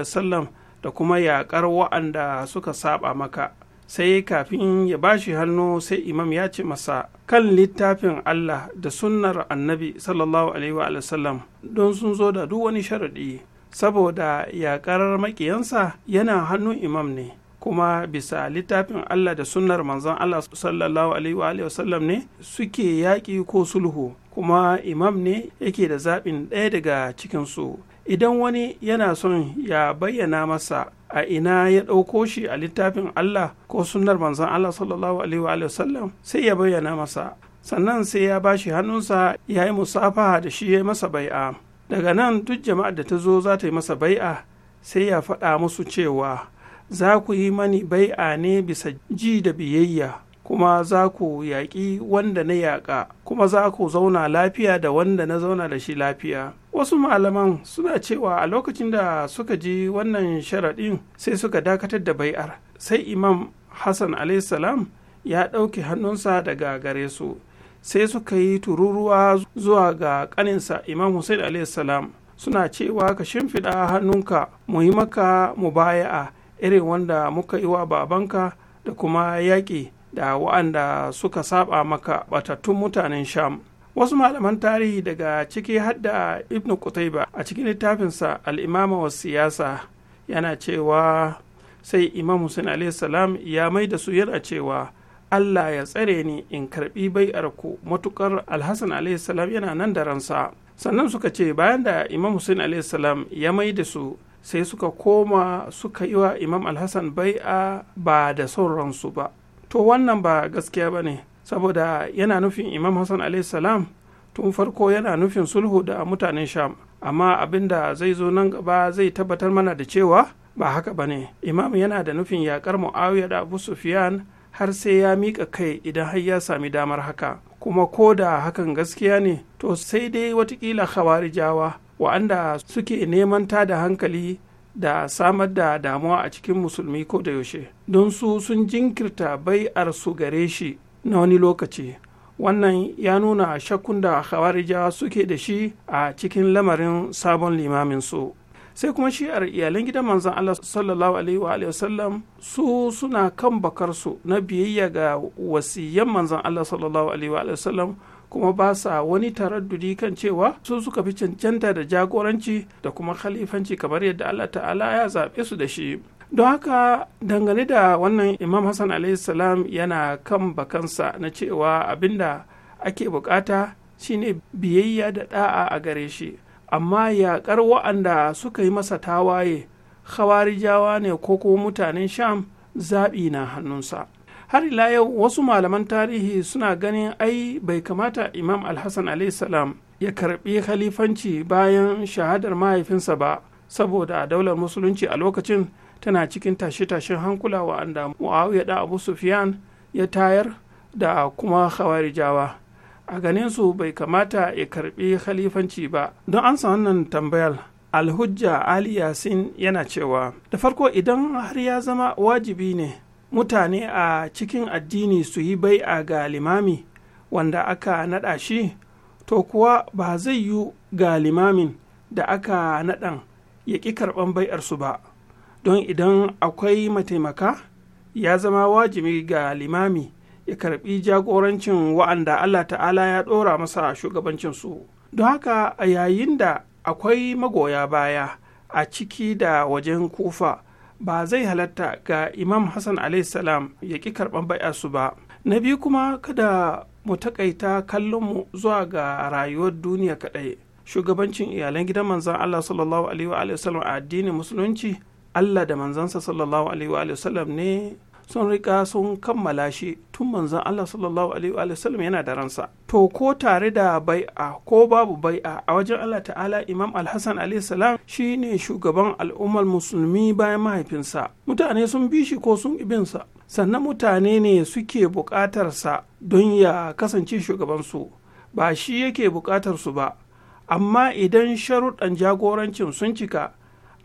sallam da kuma yaƙar wa'anda suka saba maka sai kafin ya bashi hannu sai imam ya ce masa kan littafin Allah da sunnar annabi sallallahu alaihi wa don sun zo da duk wani sharaɗi saboda yaƙar maƙiyansa yana hannun imam ne kuma bisa littafin Allah da sunnar manzon Allah sallallahu alaihi wa ne suke yaƙi ko sulhu kuma imam ne yake da zaɓin ɗaya daga cikinsu idan wani yana son ya bayyana masa a ina ya ɗauko shi a littafin Allah ko sunar manzon Allah sallallahu alaihi wa sai ya bayyana masa sannan sai ya bashi hannunsa ya yi musafaha da shi ya masa bai'a daga nan duk jama'ar da ta zo za ta yi masa bai'a sai ya faɗa musu cewa za ku yi mani bai'a ne bisa ji da biyayya kuma za ku yaƙi wanda na yaƙa kuma za ku zauna lafiya da wanda na zauna da shi lafiya wasu malaman suna cewa a lokacin da suka ji wannan sharaɗin sai suka dakatar da bai'ar sai imam hassan salam ya ɗauke hannunsa daga gare su sai suka yi tururuwa zuwa ga ƙaninsa imam hussein salam suna cewa ka shimfiɗa hannunka mu yi maka mu mubaya'a irin wanda muka yi wa babanka da kuma yaƙi da wa'anda suka saba maka batattun mutanen sham wasu malaman tarihi daga ciki hadda ibn kutaiba a cikin littafinsa al'imama wa siyasa yana cewa sai imam hussein salam ya mai da su yana cewa allah ya tsare ni in karbi bai'ar ku matukar alhassan salam yana nan da ransa sannan suka ce bayan da imam hussein salam ya mai da su sai suka koma suka yi wa imam alhassan bai'a ba da son ransu ba to wannan ba gaskiya ba ne saboda yana nufin imam hassan salam tun farko yana nufin sulhu da mutanen sham amma abin da zai zo nan gaba zai tabbatar mana da cewa ba haka ba ne imam yana da nufin yakar muawiya da abu sufiyan har sai ya miƙa kai idan har ya sami damar haka kuma ko da hakan gaskiya ne to sai dai watakila khawarijawa wa'anda suke neman da hankali da samar da damuwa a cikin musulmi ko da yaushe don su sun jinkirta bai'ar su gare shi na wani lokaci wannan ya nuna shakkun da hawarija suke da shi a cikin lamarin sabon limamin su sai kuma shi'ar iyalan gidan manzon Allah sallallahu alaihi wa sallam su suna kan bakarsu na biyayya ga wasiyyan manzon Allah sallallahu alaihi wa sallam kuma ba sa wani taraddudi kan cewa su suka fi cancanta da jagoranci da kuma khalifanci kamar yadda Allah ta'ala ya zaɓe su da shi don haka dangane da wannan imam hassan salam yana kan bakansa na cewa abinda ake bukata shine biyayya da da'a a gare shi amma yaƙar wa'anda suka yi masa tawaye khawarijawa ne ko kuma mutanen sham zaɓi na hannunsa har ila yau wasu malaman tarihi suna ganin ai bai kamata imam alhassan salam ya karbi khalifanci bayan shahadar mahaifinsa ba saboda daular musulunci a lokacin tana cikin tashe-tashen hankula wa'anda muawiya da abu sufyan ya tayar da kuma khawarijawa a ganin su bai kamata ya karbi khalifanci ba don ansa wannan tambayar alhujja ali yasin yana cewa da farko idan har ya zama wajibi ne mutane a cikin addini su yi bai'a ga limami wanda aka naɗa shi to kuwa ba zai yi ga limamin da aka naɗan ya ƙi karɓan bai'arsu ba don idan akwai mataimaka ya zama wajibi ga limami ya karɓi jagorancin wa'anda Allah ta'ala ya ɗora masa shugabancinsu don haka a yayin da akwai magoya baya a ciki da wajen kufa ba zai halatta ga imam hassan salam ya ƙi karɓar su ba na biyu kuma kada mu taƙaita mu zuwa ga rayuwar duniya kaɗai shugabancin iyalan gidan manzan allah sallallahu alaihi wa sallam a addinin musulunci allah da manzansa sallallahu alaihi wa sallam ne sun rika sun kammala shi tun manzon Allah sallallahu alaihi wa sallam yana da ransa to ko tare da bai'a ko babu bai'a a wajen Allah ta'ala Imam alhassan hassan alaihi salam shine shugaban al'ummar musulmi bayan mahaifinsa mutane sun bi shi ko sun ibinsa sannan mutane ne suke buƙatarsa don ya kasance shugabansu ba shi yake buƙatar su ba amma idan sharuɗan jagorancin sun cika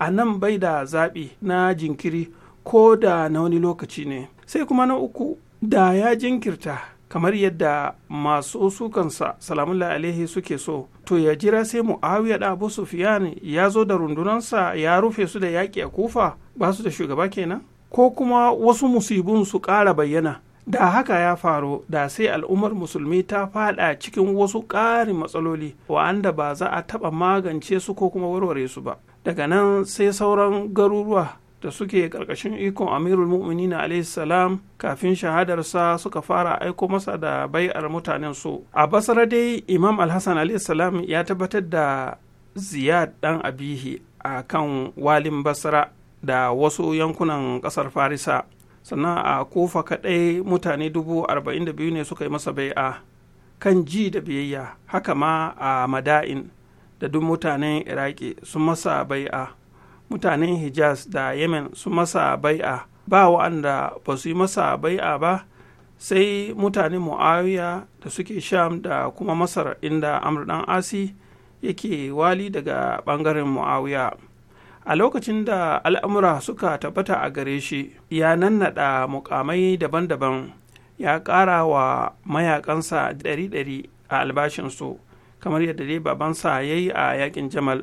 a nan bai da zaɓi na jinkiri ko da na wani lokaci ne sai kuma na uku da ya jinkirta kamar yadda masu sukansa salamullahi alaihi suke so to ya jira sai muawiya da abu sufiyan ya zo da rundunansa ya rufe su da yaƙi a kufa ba su da shugaba kenan ko kuma wasu musibun su ƙara bayyana da haka ya faru da sai al'ummar musulmi ta fada cikin wasu ƙarin matsaloli wa'anda ba za a taɓa magance su ko kuma warware su ba daga nan sai sauran garuruwa da suke ƙarƙashin ikon amirul mu'minin salam kafin shahadarsa suka fara aiko masa da bai'ar mutanen su a basra dai imam alhassan salam ya tabbatar da ziyad dan abihi a kan walin basra da wasu yankunan ƙasar farisa sannan a kofa kaɗai mutane dubu arba'in da biyu ne suka yi masa bai'a kan ji da biyayya haka ma a mada'in da duk mutanen iraki sun masa bai'a mutanen hijaz da yemen su masa bai'a ba wa'anda ba su yi masa bai'a ba sai mutanen mu'awiya da suke sham da kuma masar inda Amurdan dan asi yake wali daga bangaren mu'awiya a lokacin da al'amura suka tabbata a gare shi ya nannaɗa mukamai daban-daban ya ƙara wa mayakansa ɗari-ɗari a albashinsu kamar yadda dai babansa ya yi a yakin jamal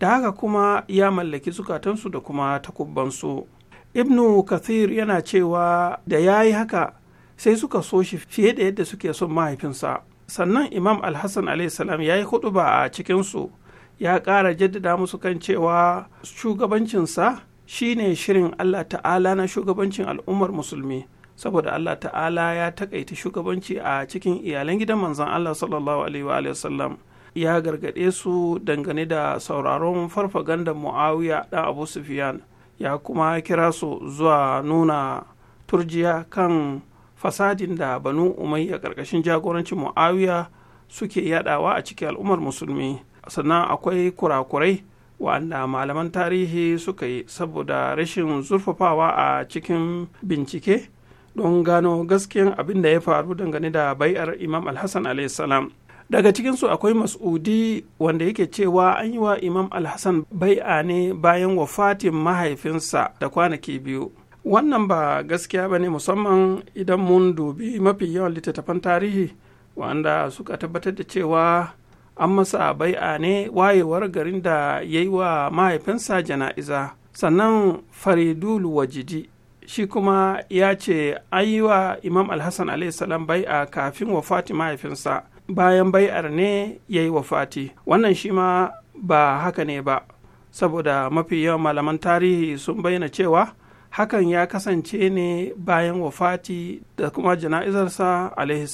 da haka kuma ya mallaki sukatansu da kuma takubbansu ibnu kathir yana cewa da ya yi haka sai suka so shi fiye da yadda suke son mahaifinsa sannan imam alhassan salam ya yi huɗuba a cikinsu ya ƙara jaddada musu kan cewa shugabancinsa shine shirin allah ta'ala na shugabancin al'ummar musulmi saboda allah ta'ala ya taƙaita shugabanci a cikin iyalan gidan manzon allah sallallahu alaihi wa sallam ya gargaɗe su dangane da sauraron farfaganda muawiya da abu sufyan ya kuma kira su zuwa nuna turjiya kan fasadin da banu umayya ƙarƙashin jagorancin muawiya suke yadawa a cikin al'ummar musulmi sannan akwai kurakurai wa'anda malaman tarihi suka yi saboda rashin zurfafawa a cikin bincike don gano gaskiyan abin da ya faru dangane da bai'ar imam alhassan salam daga cikinsu akwai mas'udi wanda yake cewa an yi wa imam alhassan bai'a ne bayan wafatin mahaifinsa da kwanaki biyu wannan ba gaskiya ba ne musamman idan mun dubi mafi yawan littattafan tarihi wanda suka tabbatar da cewa an masa bai'a ne wayewar garin da ya yi wa mahaifinsa jana'iza sannan faridul wajidi shi kuma ya ce an yi wa imam alhassan salam bai'a kafin wa fatin mahaifinsa bayan bai'ar ne ya yi wafati wannan shi ma ba haka ne ba saboda mafi yawan malaman tarihi sun bayyana cewa hakan ya kasance ne bayan wafati da kuma jana'izarsa alaihi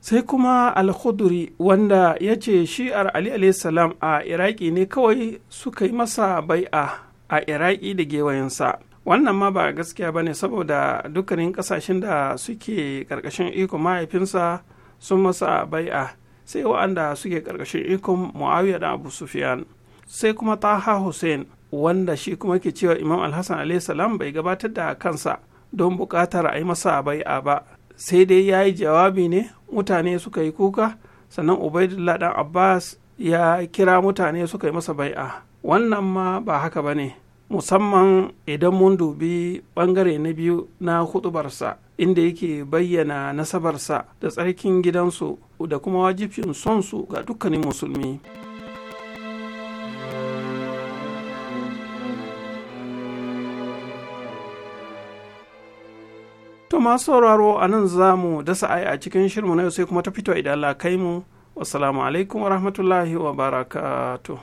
sai kuma alkhuduri wanda ya ce shi'ar ali salam a iraki ne kawai suka yi masa bai'a a iraki da gewayensa wannan ma ba gaskiya ba ne saboda dukkanin kasashen da suke karkashin iko mahaifinsa sun masa bai'a sai wa'anda suke karkashin ikon muawiya da abu sufyan sai kuma taha hussein wanda shi kuma ke cewa imam alhassan alayhi salam bai gabatar da kansa don buƙatar a yi masa bai'a ba sai dai ya yi jawabi ne mutane suka yi kuka sannan ubaidullah dan abbas ya kira mutane suka yi masa bai'a wannan ma ba haka ba ne musamman idan mun dubi bangare na biyu na hudubarsa inda yake bayyana nasabarsa da tsarkin gidansu da kuma wajibcin sonsu ga dukkanin musulmi. To masu sauraro a nan za mu dasa ai a cikin shirmu na yau sai kuma ta fito idan Allah kai mu. Wassalamu alaikum wa rahmatullahi wa barakatuh.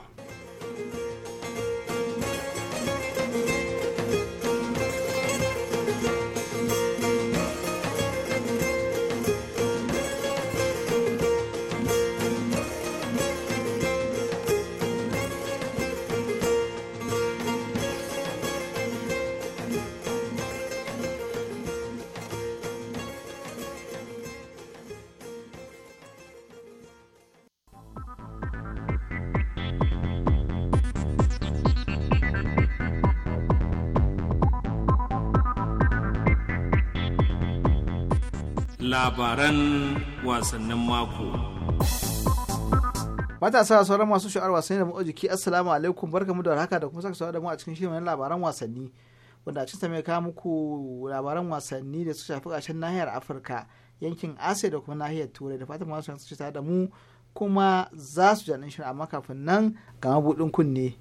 labaran wasannin mako. Matasa sauran masu sha'ar wasanni da motsa jiki assalamu alaikum barkamu da haka da kuma saka sauwa da mu a cikin shirin labaran wasanni wanda a cikin mai kawo muku labaran wasanni da suka shafi ƙarshen nahiyar Afirka yankin asia da kuma nahiyar Turai da fatan masu su tare da mu kuma za su janin shirin amma kafin nan ga mabuɗin kunne.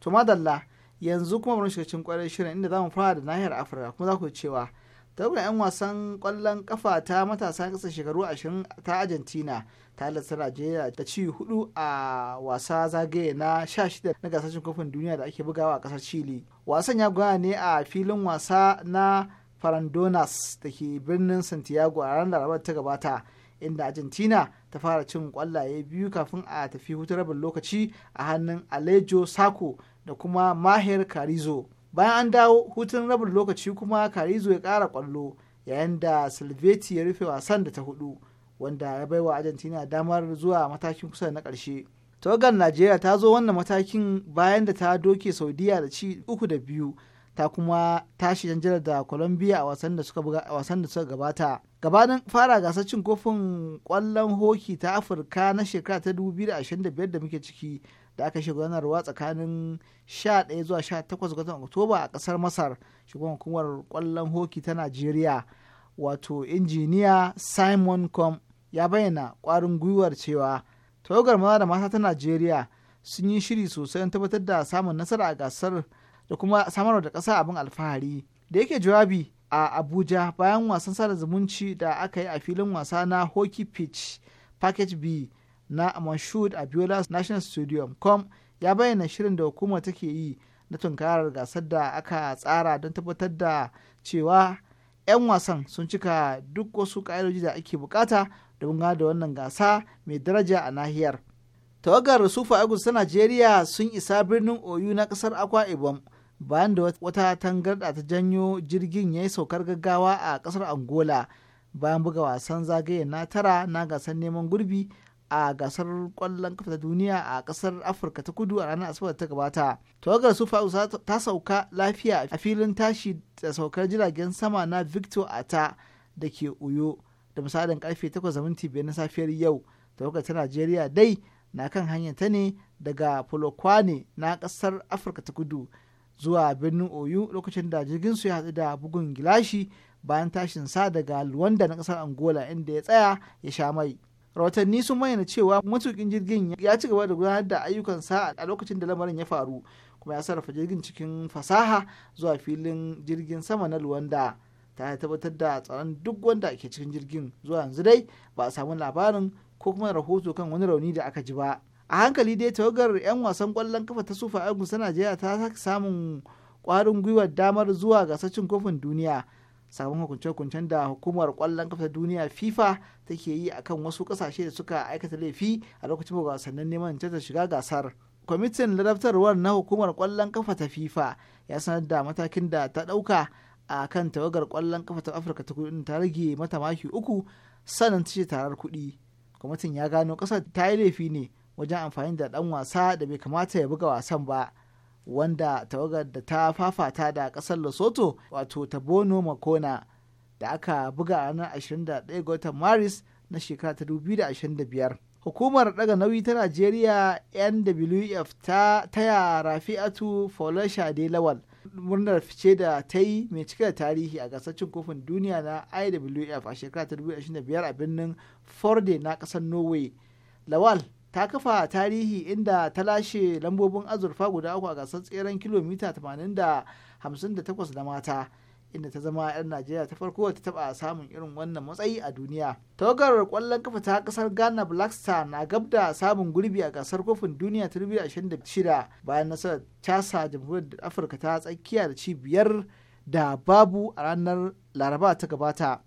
To madalla yanzu kuma bari shiga cikin kwarar shirin inda zamu fara da nahiyar afirka kuma za ku cewa tawagar 'yan wasan kwallon kafa ta matasa kasa shekaru 20 ta argentina ta halarta najeriya da ci hudu a wasa zagaye na 16 na gasashen kofin duniya da ake bugawa a kasar chile wasan ya gwaya ne a filin wasa na farandonas da ke birnin santiago a ranar larabar ta gabata inda argentina ta fara cin kwallaye biyu kafin a tafi hutu rabin lokaci a hannun alejo sako da kuma mahir karizo bayan an dawo hutun rabin lokaci kuma karizo ya ƙara kwallo yayin da silveti ya rufe wasan da ta hudu wanda ya baiwa argentina damar zuwa matakin kusa na ƙarshe togar najeriya ta zo wannan matakin bayan da ta doke saudiya da ci uku da biyu ta kuma tashi janjar da colombia a wasan da suka gabata gabanin fara gasar cin kofin kwallon hoki ta afirka na shekara ta 2025 da muke ciki da aka shi gudanarwa tsakanin 11 zuwa 18 ga oktoba a kasar masar shugaban hukumar kwallon hoki ta najeriya wato injiniya simon com ya bayyana kwarin gwiwar cewa tawagar maza da mata ta najeriya sun yi shiri sosai tabbatar da samun nasara a gasar da kuma samarwa da kasa abin alfahari da yake jawabi a abuja bayan wasan sada zumunci da aka yi a filin wasa na hockey pitch package b na a Abiola National Stadium com ya bayyana shirin da hukumar take yi na tunkarar gasar da aka tsara don tabbatar da cewa 'yan wasan sun cika duk wasu ka'idoji da ake bukata domin gana da wannan gasa mai daraja a nahiyar. Tawagar Sufa Agus ta Najeriya sun isa birnin Oyu na kasar Akwa Ibom bayan da wata tangarda ta janyo jirgin ya yi saukar gaggawa a kasar Angola bayan buga wasan zagaye na tara na gasar neman gurbi a gasar kwallon kafa ta duniya a kasar afirka ta kudu a ranar asabar ta gabata tawagar su ta sauka lafiya a filin tashi da saukar jiragen sama na victor ata da ke uyo da misalin karfe 8:05 na safiyar yau tawagar ta najeriya dai na kan hanyar ta ne daga polokwane na kasar afirka ta kudu zuwa birnin oyu lokacin da jirgin su ya haɗu da bugun gilashi bayan tashin sa daga luwanda na kasar angola inda ya tsaya ya sha mai rahotanni sun bayyana cewa matukin jirgin ya ci gaba da gudanar da ayyukansa a lokacin da lamarin ya faru kuma ya sarrafa jirgin cikin fasaha zuwa filin jirgin sama na luwanda ta tabbatar da tsaron duk wanda ke cikin jirgin zuwa yanzu dai ba a samu labarin ko kuma rahoto kan wani rauni da aka ji ba a hankali dai tawagar 'yan wasan kwallon kafa ta sufa ayyukan ta najeriya ta samun kwarin gwiwar damar zuwa gasar kofin duniya sakamakon hukunce-hukuncen da hukumar kwallon kafa duniya fifa take yi akan wasu kasashe da suka aikata laifi a lokacin wasannin neman ta shiga gasar kwamitin ladabtarwar na hukumar kwallon kafa ta fifa ya sanar da matakin da ta ɗauka a kan tawagar kwallon kafa ta afirka ta kudu ta rage mata maki uku sanin ce tarar kudi kwamitin ya gano ƙasar ta yi laifi ne wajen amfani da ɗan wasa da bai kamata ya buga wasan ba wanda tawagar da ta fafata da ƙasar lesotho wato tabono makona da aka buga a ranar 21 ga watan maris na shekara ta 2025 hukumar daga nauyi ta najeriya nwf ta taya rafi'atu faulasha de lawal murnar fice da ta yi mai cike da tarihi a gasar cin kofin duniya na iwf a shekara ta 2025 a birnin forde na kasar norway lawal ta kafa tarihi inda ta lashe lambobin azurfa guda uku a gasar tseren kilomita 80 da 58 da mata inda ta zama 'yan najeriya ta farko ta taba samun irin wannan matsayi a duniya tawagar kwallon kafa ta kasar ghana black star na gab da samun gurbi a gasar kofin duniya ta 2026 bayan nasarar casa jamhuriyar afirka ta tsakiya da cibiyar da babu a ranar laraba ta gabata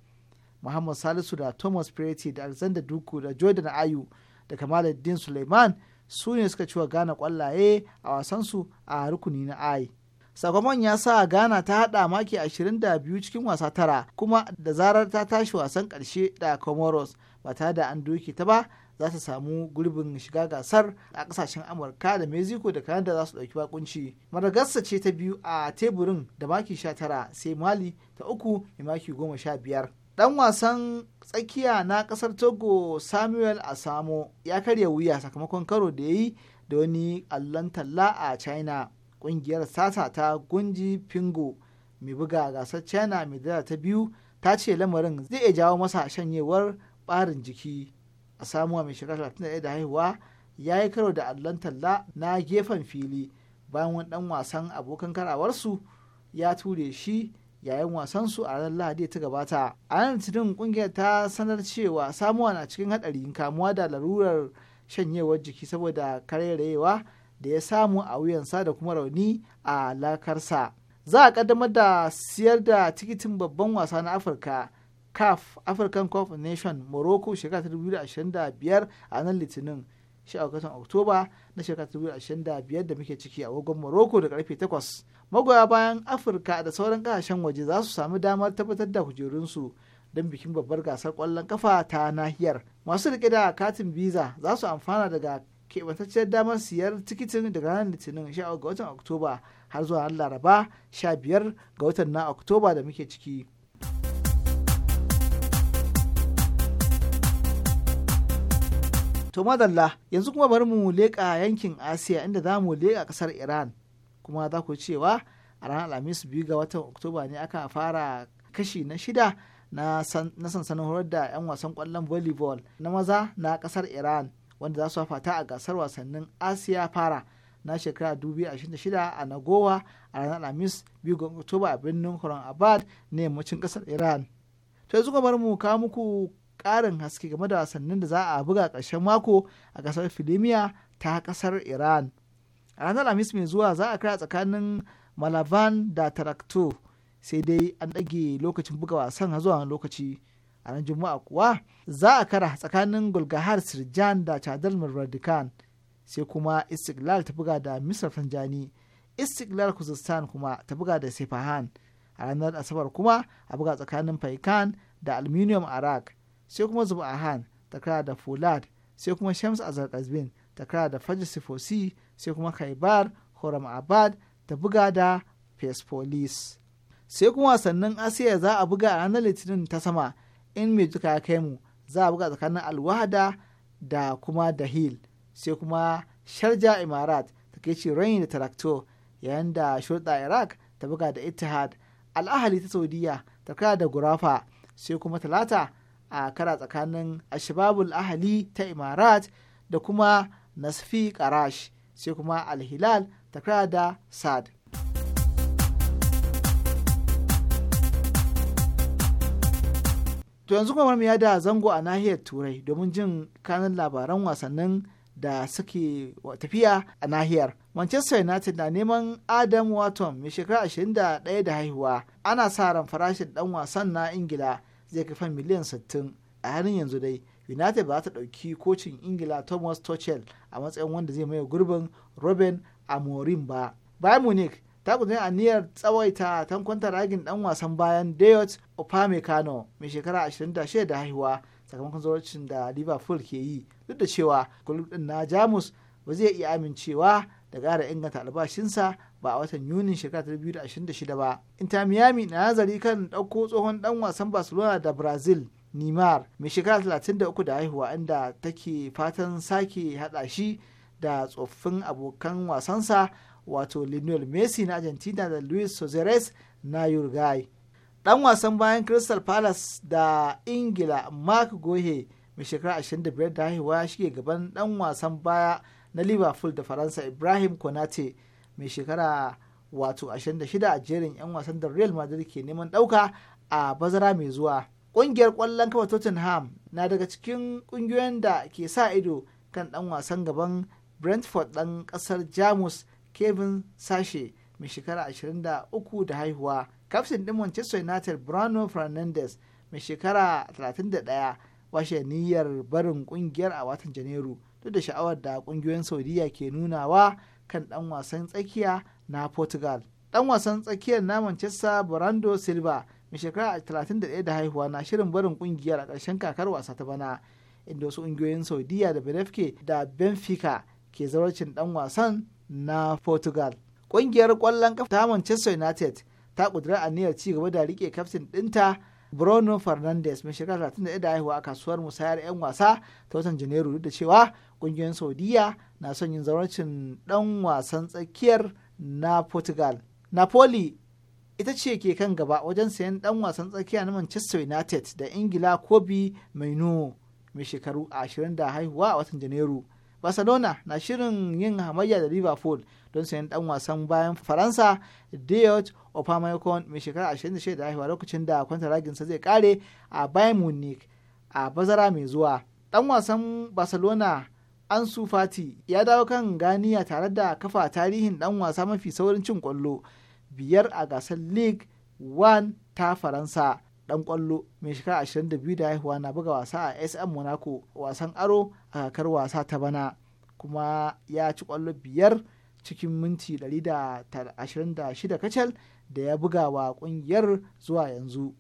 muhammad salisu da thomas Preti da alexander duku da jordan ayu da kamaluddin suleiman su ne suka ciwa Ghana kwallaye a wasansu a rukuni na ai sakamakon ya sa ghana ta hada maki 22 cikin wasa tara kuma da zarar ta tashi wasan karshe da comoros ba ta da an doke ta ba za ta samu gurbin shiga gasar a kasashen amurka da mexico da canada za su dauki bakunci madagascar ce ta biyu a teburin da maki 19 sai mali ta uku da maki 15 dan wasan tsakiya na kasar togo samuel asamo ya karya wuya sakamakon karo da ya yi da wani allon talla a china kungiyar sasa ta gunji pingo mai buga gasar china mai dala ta biyu ta ce lamarin zai iya jawo masa shanyewar barin jiki a samuwa mai shekara 31 da haihuwa ya yi karo da allon talla na gefen fili bayan wani dan wasan abokan karawarsu ya ture shi yayin wasansu a ranar lahadi ta gabata a ranar litinin kungiyar ta sanar cewa samuwa na cikin hadari kamuwa da larurar shanyewar jiki saboda karerayewa da ya samu a wuyansa da kuma rauni a lakarsa za a kaddamar da siyar da tikitin babban wasa na afirka caf african cup nation morocco shekara 2025 a nan litinin 18 oktoba na shekara 2025 da muke ciki a wagon morocco da karfe 8 magoya bayan afirka da sauran kasashen waje za su sami damar tabbatar da kujerunsu don bikin babbar gasar kwallon kafa ta nahiyar masu rike da katin visa za su amfana daga keɓantacciyar damar siyar tikitin daga ranar litinin 13 ga watan oktoba har zuwa ran laraba 15 ga watan na oktoba da muke ciki to madalla yanzu kuma bari mu leƙa yankin asiya inda za mu leƙa ƙasar iran kuma za ku cewa a ranar alhamis biyu ga watan oktoba ne aka fara kashi na shida na sansanin horar da 'yan wasan kwallon volleyball na maza na ƙasar iran wanda za su fata a gasar wasannin asiya fara na shekara 2026 a nagowa a ranar alhamis biyu ga oktoba a birnin horon abad na yammacin kasar iran to yanzu kamar mu kawo muku karin haske game da wasannin da za a buga ƙarshen mako a kasar filimiya ta kasar iran a ranar alhamis mai zuwa za a kira tsakanin malavan da tarakto sai dai an ɗage lokacin buga wasan zuwa lokaci a ran juma'a kuwa za a kara tsakanin gulgahar sirjan da chadar muradikan sai kuma istiklal ta buga da misar tanjani istiklal kuzistan kuma ta buga da sefahan a ranar asabar kuma a buga tsakanin faikan da aluminium arak sai kuma ta kara da fulad sai kuma shams azar kazbin kara da fajr sifosi sai kuma kaibar horam abad ta buga da fesfolis sai kuma wasannin asiya za a buga a ranar litinin ta sama in mai duka ya kai mu za a buga tsakanin alwahada da kuma da hil sai kuma sharja imarat ta kai ce rain da tarakto yayin da shurɗa iraq ta buga da ittihad al'ahali ta saudiya ta kara da gurafa sai kuma talata a kara tsakanin ashbabul ahali ta imarat da kuma nasfi karash sai kuma alhilal ta kara da sad to yanzu kuma ya da zango a nahiyar turai domin jin kanin labaran wasannin da suke tafiya a nahiyar manchester united na neman adam mai shekara 21 da haihuwa ana sa ran farashin dan wasan na ingila zai kafa miliyan 60 a halin yanzu dai united ba ta ɗauki kocin ingila thomas tuchel a matsayin wanda zai maye gurbin robin amorim ba bayern munich ta a aniyar tsawaita kwanta ragin dan wasan bayan Deyot Upamecano mai shekara 26 da haihuwa sakamakon zuwacin da Liverpool ke yi duk da cewa kulub din na Jamus ba zai iya amincewa da ƙara inganta albashinsa ba a watan Yuni shekara 2026 ba. Inter Miami na nazari kan ɗauko tsohon dan wasan Barcelona da Brazil Neymar mai shekara 33 da haihuwa inda take fatan sake haɗa shi da tsoffin abokan wasansa wato lionel messi na argentina da luis suarez na uruguay dan wasan bayan crystal palace da ingila mark gohe mai shekara 25 da haihuwa shige gaban dan wasan baya na liverpool da faransa ibrahim konate mai shekara wato 26 a jerin 'yan wasan da real madrid ke neman dauka a bazara mai zuwa ƙungiyar ƙwallon kafa tottenham na daga cikin ƙungiyoyin da ke sa ido kan ɗan wasan gaban brentford ɗan ƙasar jamus kevin sashe mai shekara 23 da haihuwa kaftin ɗin manchester united bruno fernandes mai shekara 31 washe niyyar barin ƙungiyar a watan janairu duk da sha'awar da ƙungiyoyin saudiya ke nunawa kan dan wasan tsakiya na portugal Ɗan wasan tsakiyar na manchester brando silva mai shekara 31 da haihuwa na shirin barin ƙungiyar a ƙarshen kakar wasa ta bana inda wasu kungiyoyin saudiya da benfica da benfica ke zauracin ɗan wasan na Portugal. Ƙungiyar ƙwallon kafa ta Manchester United ta ƙudura aniyar ci gaba da rike kaftin ɗinta Bruno Fernandes mai shekara 31 da haihuwa a kasuwar musayar 'yan wasa ta watan Janairu duk da cewa ƙungiyoyin Saudiya na son yin zaurancin ɗan wasan tsakiyar na Portugal. Napoli ita ce ke kan gaba wajen sayan ɗan wasan tsakiya na Manchester United da Ingila Kobe Mainu mai shekaru 20 da haihuwa a watan Janairu. barcelona na shirin yin hamayya da liverpool don sayan dan wasan bayan faransa diot opamayokon mai shekara 26 da haihuwa lokacin da kwanta raginsa zai kare a bayern munich a bazara mai zuwa dan wasan barcelona ansu fati ya dawo kan ganiya tare da kafa tarihin dan wasa mafi saurin cin kwallo biyar a gasar league one ta faransa dan kwallo mai shekara 22 da haihuwa na buga wasa a sm monaco wasan aro a kakar wasa ta bana kuma ya ci kwallo biyar cikin minti 126 kacal da ya buga wa kungiyar zuwa yanzu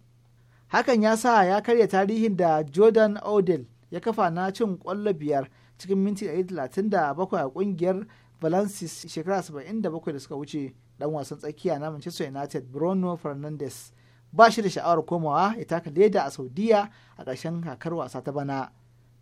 hakan ya sa ya karya tarihin da jordan odell ya kafa na cin kwallo biyar cikin minti 137 a kungiyar valansis shekara 77 da suka wuce dan wasan tsakiya na manchester united bruno fernandes ba shi da sha'awar komawa ya taka leda a saudiya a ƙarshen kakar wasa ta bana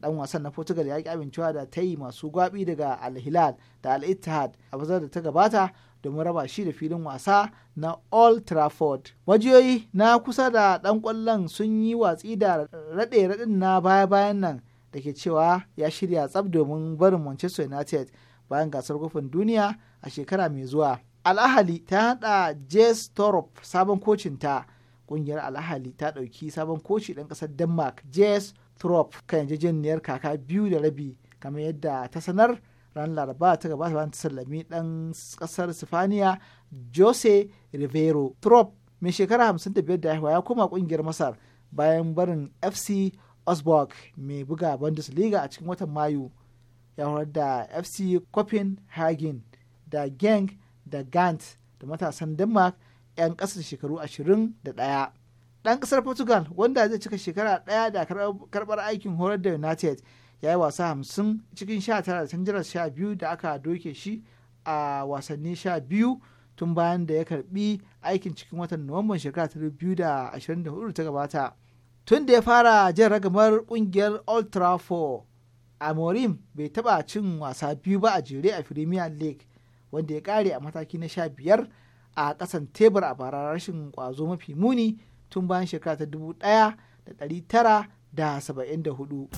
dan wasan na portugal ya ki amincewa da ta yi masu gwabi daga al-hilal da al-ittihad a bazar da ta gabata domin raba shi da filin wasa na old trafford majiyoyi na kusa da dan kwallon sun yi watsi da raɗe-raɗin na baya-bayan nan da ke cewa ya shirya tsab domin barin manchester united bayan gasar kofin duniya a shekara mai zuwa al al'ahali ta hada jess Thorpe sabon kocin ta kungiyar al'ahali ta ɗauki sabon koci dan ƙasar denmark jess Trump kan yarjejeniyar kaka biyu da rabi kamar yadda ta sanar ran laraba ta gabata bayan ta sallami dan kasar sifaniya jose rivero (Trop) mai shekara 55 da haihuwa ya koma kungiyar masar bayan barin fc osborg mai buga bundesliga a cikin watan mayu ya horar da fc copenhagen da genk da gant da matasan denmark 'yan ƙasar shekaru 21 ɗan ƙasar portugal wanda zai cika shekara ɗaya da karbar aikin horar da united ya yi wasa hamsin cikin sha tara da canjarar sha biyu da aka doke shi a wasanni sha biyu tun bayan da ya karɓi aikin cikin watan nuwamban shekara ta biyu da ashirin ta gabata tun da ya fara jan ragamar ƙungiyar old trafford amorim bai taɓa cin wasa biyu ba a jere a premier league wanda ya kare a mataki na sha biyar a ƙasan tebur a bara rashin ƙwazo mafi muni tun bayan shekara ta dubu ɗaya da da tara saba'in ɗari da hudu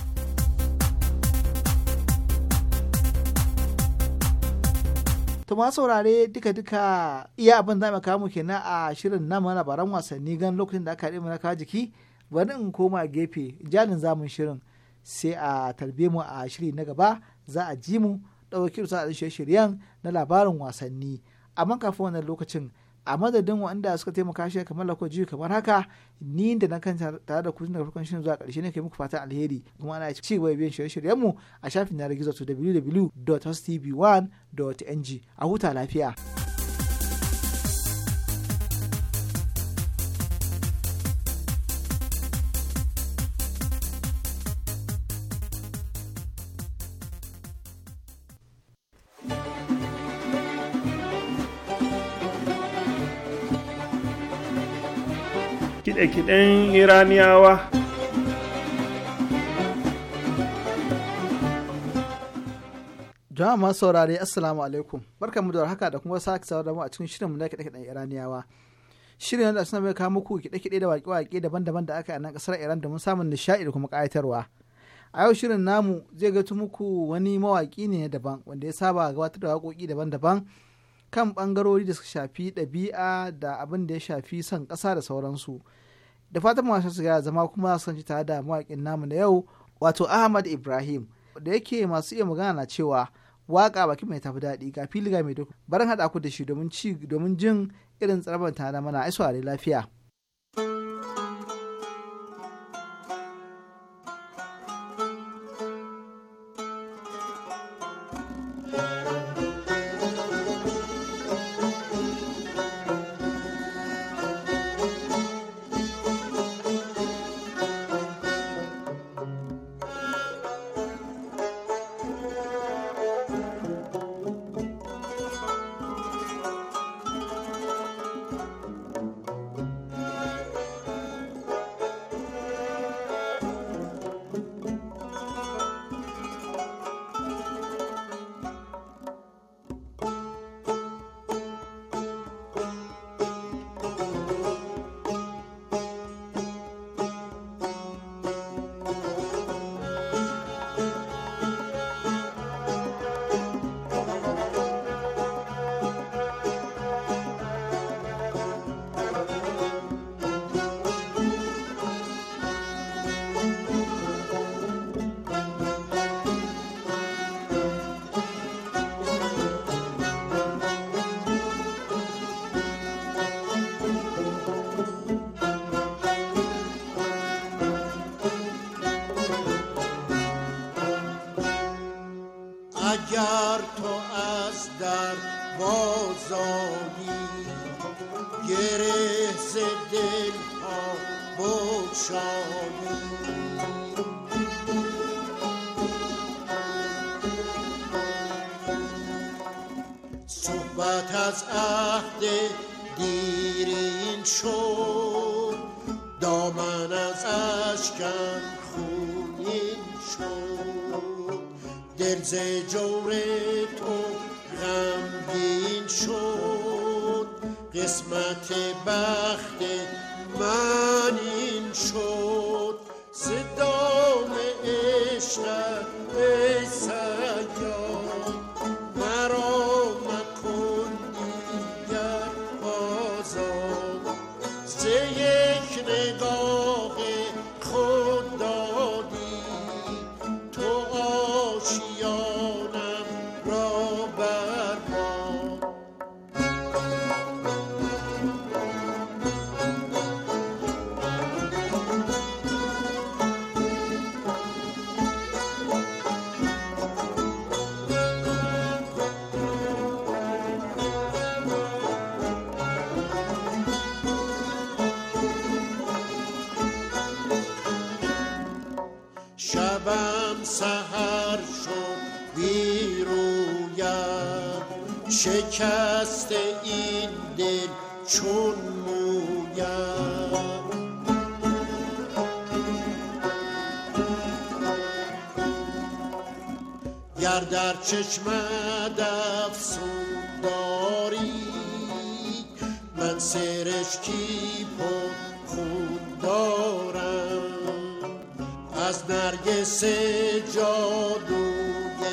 ma saurare duka-duka iya abin da kawo kenan a shirin na mana baran wasanni gan lokacin da aka na kawo jiki bari in koma gefe jalin zamun shirin sai a tarbe mu a shiri na gaba za a ji mu ɗauki a shirye-shiryen na labarin wasanni amma kafin wannan lokacin a madadin wanda suka taimaka shi kamar lako jiyu kamar haka ni da na kan tare da kudin daga farkon shirin zuwa karshe ne kai muku fatan alheri kuma ana ci gaba biyan shirye-shiryen mu a shafin na gizo to www.hostv1.ng a huta lafiya. kiɗe-kiɗen iraniyawa jama'a masu saurare assalamu alaikum barka mu da haka da kuma sake da mu a cikin shirin mu na kiɗe-kiɗen iraniyawa shirin da suna mai kawo muku kiɗe-kiɗe da waƙe-waƙe daban-daban da aka yi a nan ƙasar iran domin samun nishaɗi da kuma ƙayatarwa a yau shirin namu zai gato muku wani mawaƙi ne na daban wanda ya saba gabatar da waƙoƙi daban-daban kan ɓangarori da suka shafi ɗabi'a da abin da ya shafi son ƙasa da sauransu da fatan masu su zama kuma son ji tare da mawaƙin namu na yau wato ahmad ibrahim da yake masu iya magana na cewa waƙa baki mai tafi daɗi ga filiga mai duk barin haɗa ku da shi domin jin irin tsarabar tare mana da lafiya. در چشم افسون داری من سرشکی پر خون دارم از نرگس جادوی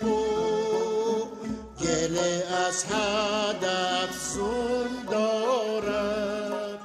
تو گله از حد افسون دارم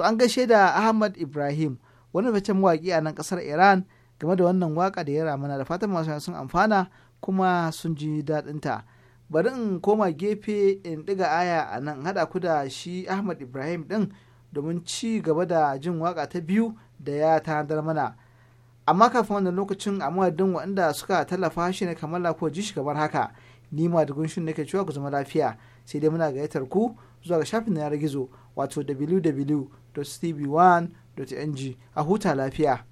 to an gaishe da ahmad ibrahim wani fitaccen mawaƙi a nan ƙasar iran game da wannan waka da ya ramana da fatan masu sun amfana kuma sun ji daɗinta bari in koma gefe in ɗiga aya a nan haɗa ku da shi ahmad ibrahim ɗin domin ci gaba da jin waka ta biyu da ya ta mana amma kafin wannan lokacin a madadin waɗanda suka tallafa shi ne kamar ko ji shi kamar haka ni ma da gunshin nake cewa ku zama lafiya sai dai muna gayyatar ku zuwa ga shafin yanar gizo wato www www.cb1.ng a huta lafiya.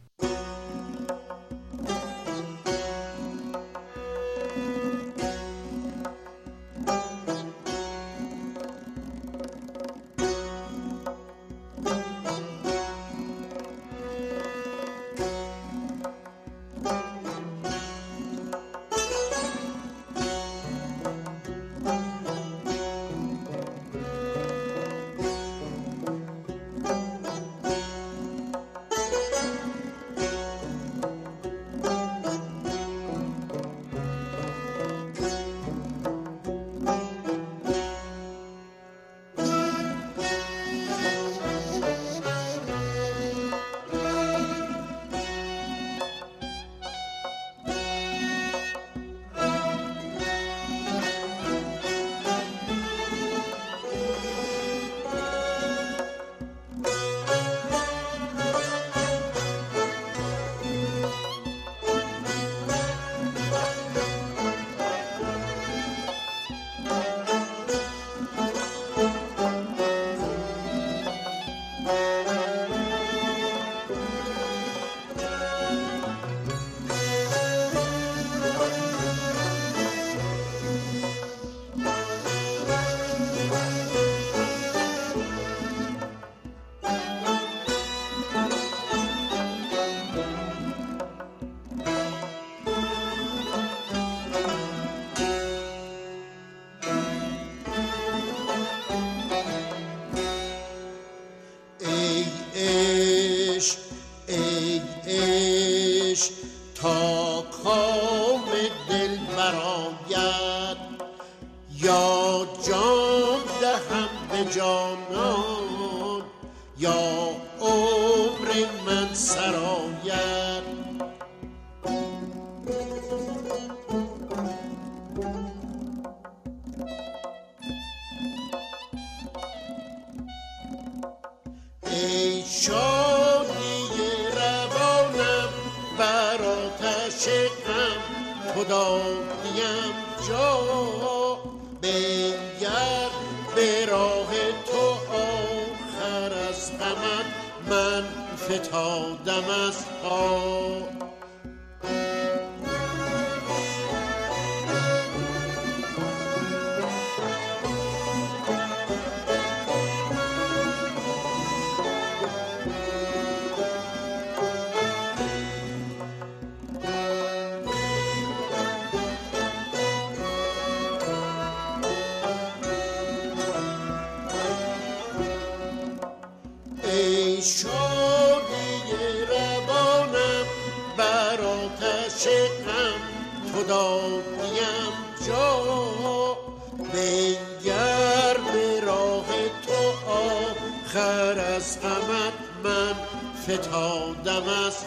ای شانی روانم بر آتش خدا جا بنگر به راه تو آخر از من فتادم از آ فتح دمست